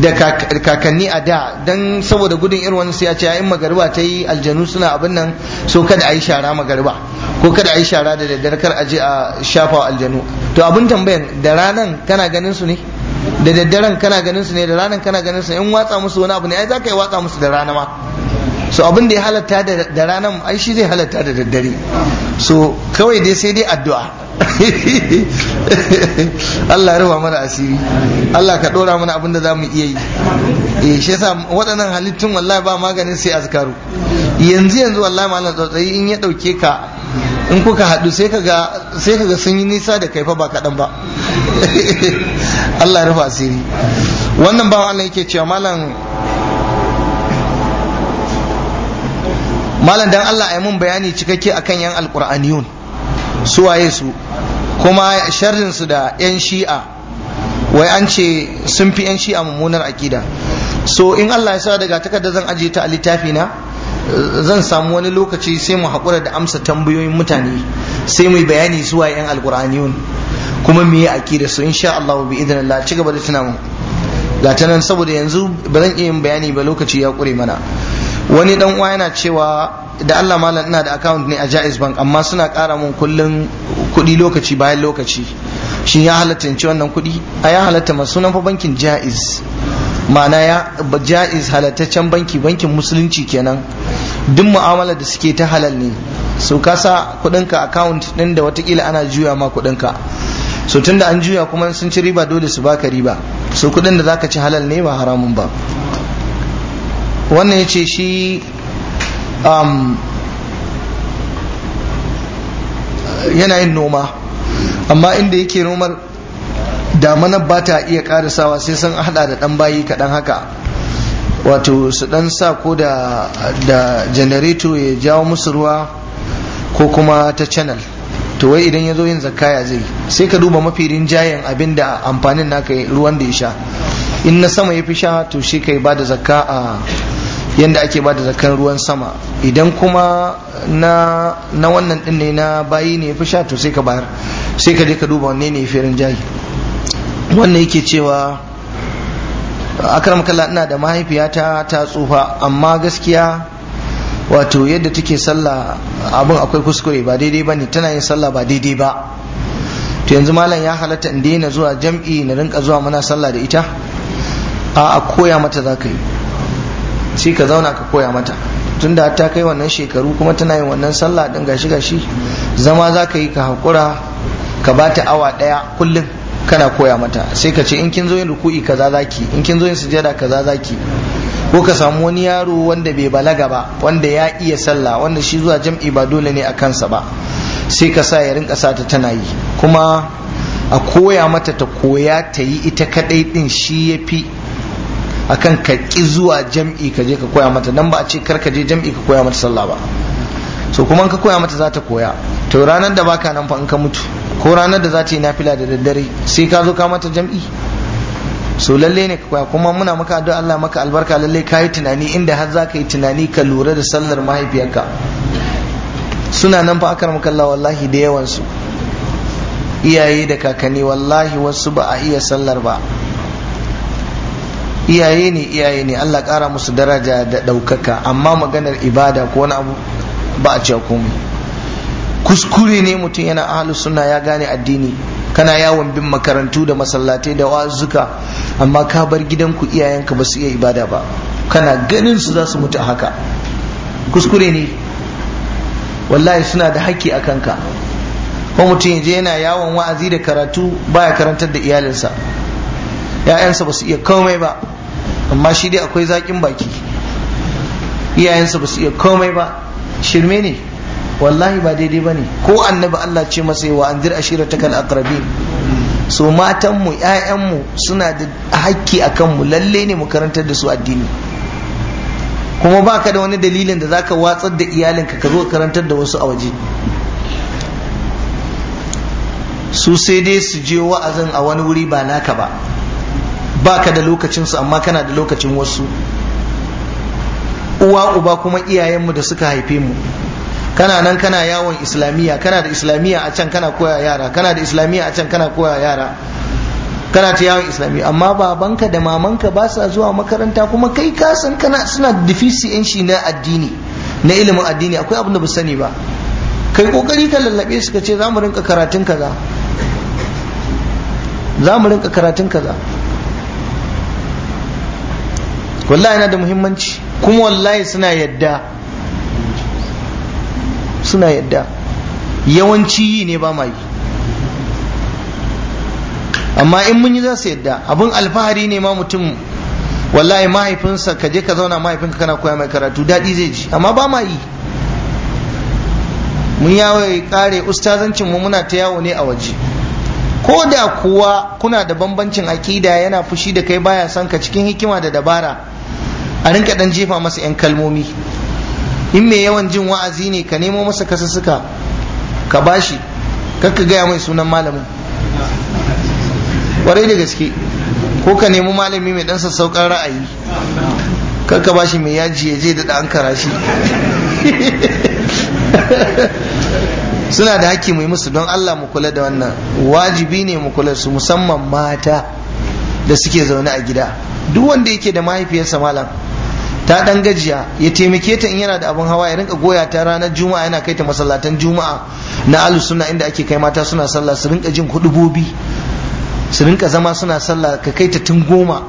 Speaker 1: da kakanni a da dan saboda gudun irin wannan ya ce in magariba ta yi aljanu suna abin nan so kada a yi shara magariba ko kada a yi shara da daddare kar a je a shafa aljanu to abin tambayan da ranan kana ganin su ne da daddaren kana ganin su ne da ranan kana ganin su ne in watsa musu wani abu ne ai za ka yi watsa musu da rana ma so abin da ya halatta da ranar ai shi zai halatta da daddare so kawai dai sai dai addu'a [laughs] Allah ya ruwa mana asiri Allah ka dora mana abin da zamu iya yi eh shi yasa waɗannan halittun wallahi ba maganin sai azkaru yanzu yanzu wallahi malam tsotsayi in ya dauke ka in kuka haɗu sai kaga sai kaga sun yi nisa da kai fa ba kaɗan ba [laughs] Allah ya rufa asiri wannan ba Allah yake cewa malam malam dan Allah ayi mun bayani cikakke akan yan alqur'aniyun su waye su kuma sharrin su da yan shi'a wai an ce sun fi yan shi'a mummunar akida so in Allah ya sa daga takarda zan ajiye ta a littafi na zan samu wani lokaci sai mu haƙura da amsa tambayoyin mutane sai mu bayani su waye yan alqur'aniyun kuma me ya akida su insha Allah bi idnillah ci gaba da tuna mun. ga saboda yanzu bazan iya yin bayani ba lokaci ya ƙure mana wani dan uwa yana cewa da Allah malam ina da account ne a Jaiz Bank amma suna ƙara mun kullun kuɗi lokaci bayan lokaci shin ya halatta in ci wannan kuɗi a ya halatta ma sunan fa bankin Jaiz ma'ana ya Jaiz halattaccen banki bankin musulunci kenan duk mu'amala da suke ta halal ne so ka sa kuɗinka account ɗin da watakila ana juya ma kuɗinka so tunda an juya kuma sun ci riba dole su baka riba so kuɗin da zaka ci halal ne ba haramun ba wannan ya ce shi um, yana yin noma amma inda yake nomar damanar ba ta iya karisawa sai sun hada da dan bayi kaɗan haka wato su dan sa ko da da janareto ya jawo musu ruwa ko kuma ta channel to wai idan yazo zo yin zakaya zai sai ka duba mafi rinjayen abinda da amfanin naka ruwan da ya sha in na sama ya fi sha to shi kai ba da zakka a yadda ake bada zakan ruwan sama idan kuma na na wannan din ne na bayi ne fi sha to sai ka bayar sai ka je ka duba wanne ne firin jayi wannan yake cewa akram kalla ina da mahaifiyata ta tsufa amma gaskiya wato yadda take sallah abin akwai kuskure ba daidai ba ne tana yin sallah ba daidai ba to yanzu malam ya halatta in daina zuwa jam'i na rinka zuwa mana sallah da ita a koya mata za ka yi sai ka zauna ka koya mata tunda ta kai wannan shekaru kuma tana yin wannan sallah din gashi gashi zama za ka yi ka hakura ka ba ta awa daya kullum kana koya mata sai ka ce in kin zo yin ruku'i kaza zaki in kin zo yin sujada kaza zaki ko ka samu wani yaro wanda bai balaga ba wanda ya iya sallah wanda shi zuwa jam'i ba dole ne a kansa ba sai ka sa ya rinka sata tana yi kuma a koya mata ta koya ta yi ita kadai din shi ya fi akan ka ki zuwa jam'i ka je ka koya mata dan ba a ce kar ka je jam'i ka koya mata sallah ba so kuma ka koya mata za ta koya to ranar da baka nan fa in ka mutu ko ranar da za ta yi nafila da daddare sai ka zo ka mata jam'i so lalle ne ka koya kuma muna maka addu'a Allah maka albarka lalle ka yi tunani inda har za ka yi tunani ka lura da sallar mahaifiyarka suna nan fa akar maka Allah wallahi da yawan su iyaye da kakanni wallahi wasu ba a iya sallar ba iyaye ne iyaye ne Allah kara musu daraja da ɗaukaka amma maganar ibada ko wani abu ba a cewa komai kuskure ne mutum yana ahalu suna ya gane addini kana yawon bin makarantu da masallatai da wazuka amma ka bar gidanku iyayenka ba su iya ibada ba kana ganin su za su mutu haka kuskure ne wallahi suna da haƙƙi a kanka ko mutum ya je yana yawon wa'azi da karatu baya karantar da iyalinsa ya'yansa ba su iya komai ba amma shi dai akwai zaƙin baki iyayensa ba su iya komai ba shirme ne wallahi ba daidai ba ne ko annabi Allah ce masa wa anzir ashiratakal aqrabin so matanmu ƴaƴanmu suna da hakki a kanmu lalle ne mu karantar da su addini kuma ba ka da wani dalilin da za ka watsar da iyalinka ka zo karantar da wasu a waje su sai dai su je wa'azin a wani wuri ba naka ba baka da lokacinsu amma kana da lokacin wasu uwa uba kuma iyayenmu da suka haife mu kana nan kana yawon islamiyya kana da islamiyya a can kana koya yara kana da islamiyya a can kana koya yara kana ta yawon islamiyya amma babanka da mamanka ba sa zuwa makaranta kuma kai ka san kana suna difisi yan shi na addini na ilimin addini akwai abin da ba sani ba kai kokari ka lallabe su ka ce za mu rinka karatun kaza za mu rinka karatun kaza wallahi yana da muhimmanci kuma wallahi suna yadda suna yadda yawanci yi ne ba ma yi amma in mun yi za su yadda abin alfahari ne ma mutum wallahi mahaifinsa ka je ka zauna mahaifinka kana koya mai karatu daɗi zai ji amma ba ma yi mun yawo ƙare ustazancin mu muna ta yawo ne a waje ko da kuwa kuna da bambancin aƙida yana fushi da kai baya son ka cikin hikima da dabara a rinka dan jefa masa 'yan kalmomi in mai yawan jin wa'azi ne ka nemo masa kasussuka ka bashi kar ka gaya mai sunan malamin kwarai da gaske ko ka nemi malami mai dan sassauƙan ra'ayi kar ka bashi mai yaji ya je da an kara shi [laughs] suna da haƙƙi mu yi musu don Allah mu kula da wannan wajibi ne mu kula su musamman mata da suke zaune a gida duk wanda yake da mahaifiyarsa malam ta dan gajiya ya taimake ta in yana da abin hawa ya rinka goya ta ranar juma'a yana kai ta masallatan juma'a na alu sunna inda ake kai mata suna sallah su rinka jin hudubobi su rinka zama suna sallah ka kai ta tun goma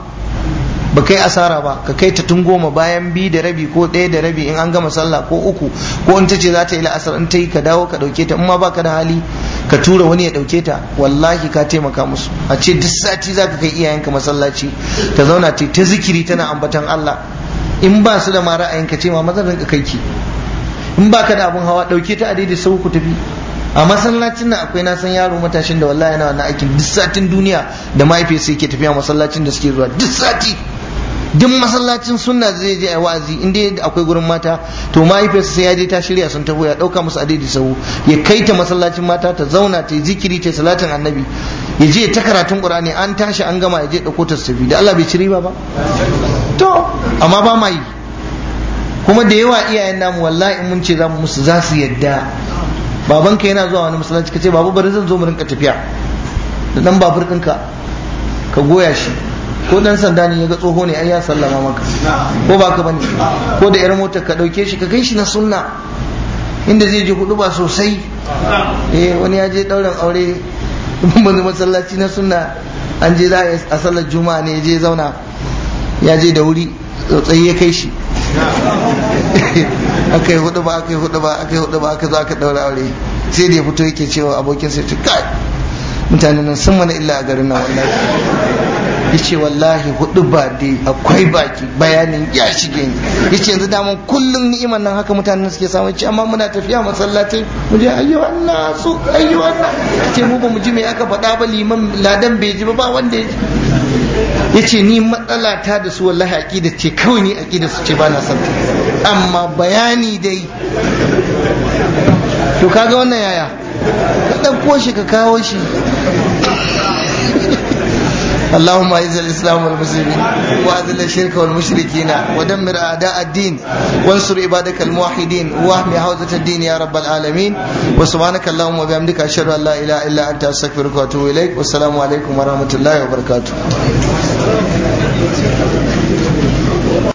Speaker 1: ba kai asara ba ka kai ta tun goma bayan bi da rabi ko ɗaya da rabi in an gama sallah ko uku ko in ta ce za ta yi la'asar in ta yi ka dawo ka ɗauke ta in ma baka da hali ka tura wani ya ɗauke ta wallahi ka taimaka musu a ce duk sati za ka kai iyayenka masallaci ta zauna ta zikiri tana ambatan Allah in ba su da ma ra'ayin ka ce ma mazan rinka kai ki in ba ka da abun hawa dauke ta adidi daidai sau ku tafi a masallacin nan akwai na san yaro matashin da wallahi yana wannan aikin duk satin duniya da mahaifiyarsa yake tafiya masallacin da suke zuwa duk sati duk masallacin sunna zai je a wa'azi in dai akwai gurin mata to mahaifiyarsa sai ya je ta shirya sun taho ya dauka musu adidi sau ya kai ta masallacin mata ta zauna ta yi zikiri ta salatin annabi ya je ta karatun qur'ani an tashi an gama ya je dauko ta da Allah bai ci riba ba to amma ba ma yi kuma da yawa iyayen namu wallahi in mun ce za mu musu za su yadda babanka yana zuwa wani masallaci ka ce babu bari zan zo mu rinka tafiya da dan babur ka goya shi ko dan sanda ne ya ga tsoho ne ai ya sallama maka ko ba ka bane ko da yar mota ka dauke shi ka kai shi na sunna inda zai je hudu ba sosai eh wani ya je dauran aure mun [laughs] masallaci na sunna an je za a sallar juma'a ne ya je zauna ya je da wuri tsotsai ya kai shi [laughs] aka yi hudu ba aka yi hudu ba aka yi hudu ba aka zo aka daura aure sai da ya fito yake cewa abokin sai ce kai mutanen nan sun mana illa a garin nan wallahi [laughs] yace wallahi hudu ba dai akwai baki bayanin ya shige ni yace yanzu daman kullum ni'iman nan haka mutanen suke samun ci amma muna tafiya masallatai mu je ayyo Allah su ayyo Allah ce mu ba mu ji me aka faɗa ba liman ladan bai ji ba ba wanda ya ji yace ni matsala ta da su wallahi aqida ce kawai ni aqida su ce ba na son ta amma bayani dai to kaga wannan yaya ka ɗauko shi ka kawo shi اللهم اعز الاسلام والمسلمين واذل الشرك والمشركين ودمر اعداء الدين وانصر عبادك الموحدين واحمي حوزه الدين يا رب العالمين وسبحانك اللهم وبحمدك اشهد ان لا اله الا انت استغفرك واتوب اليك والسلام عليكم ورحمه الله وبركاته Gracias.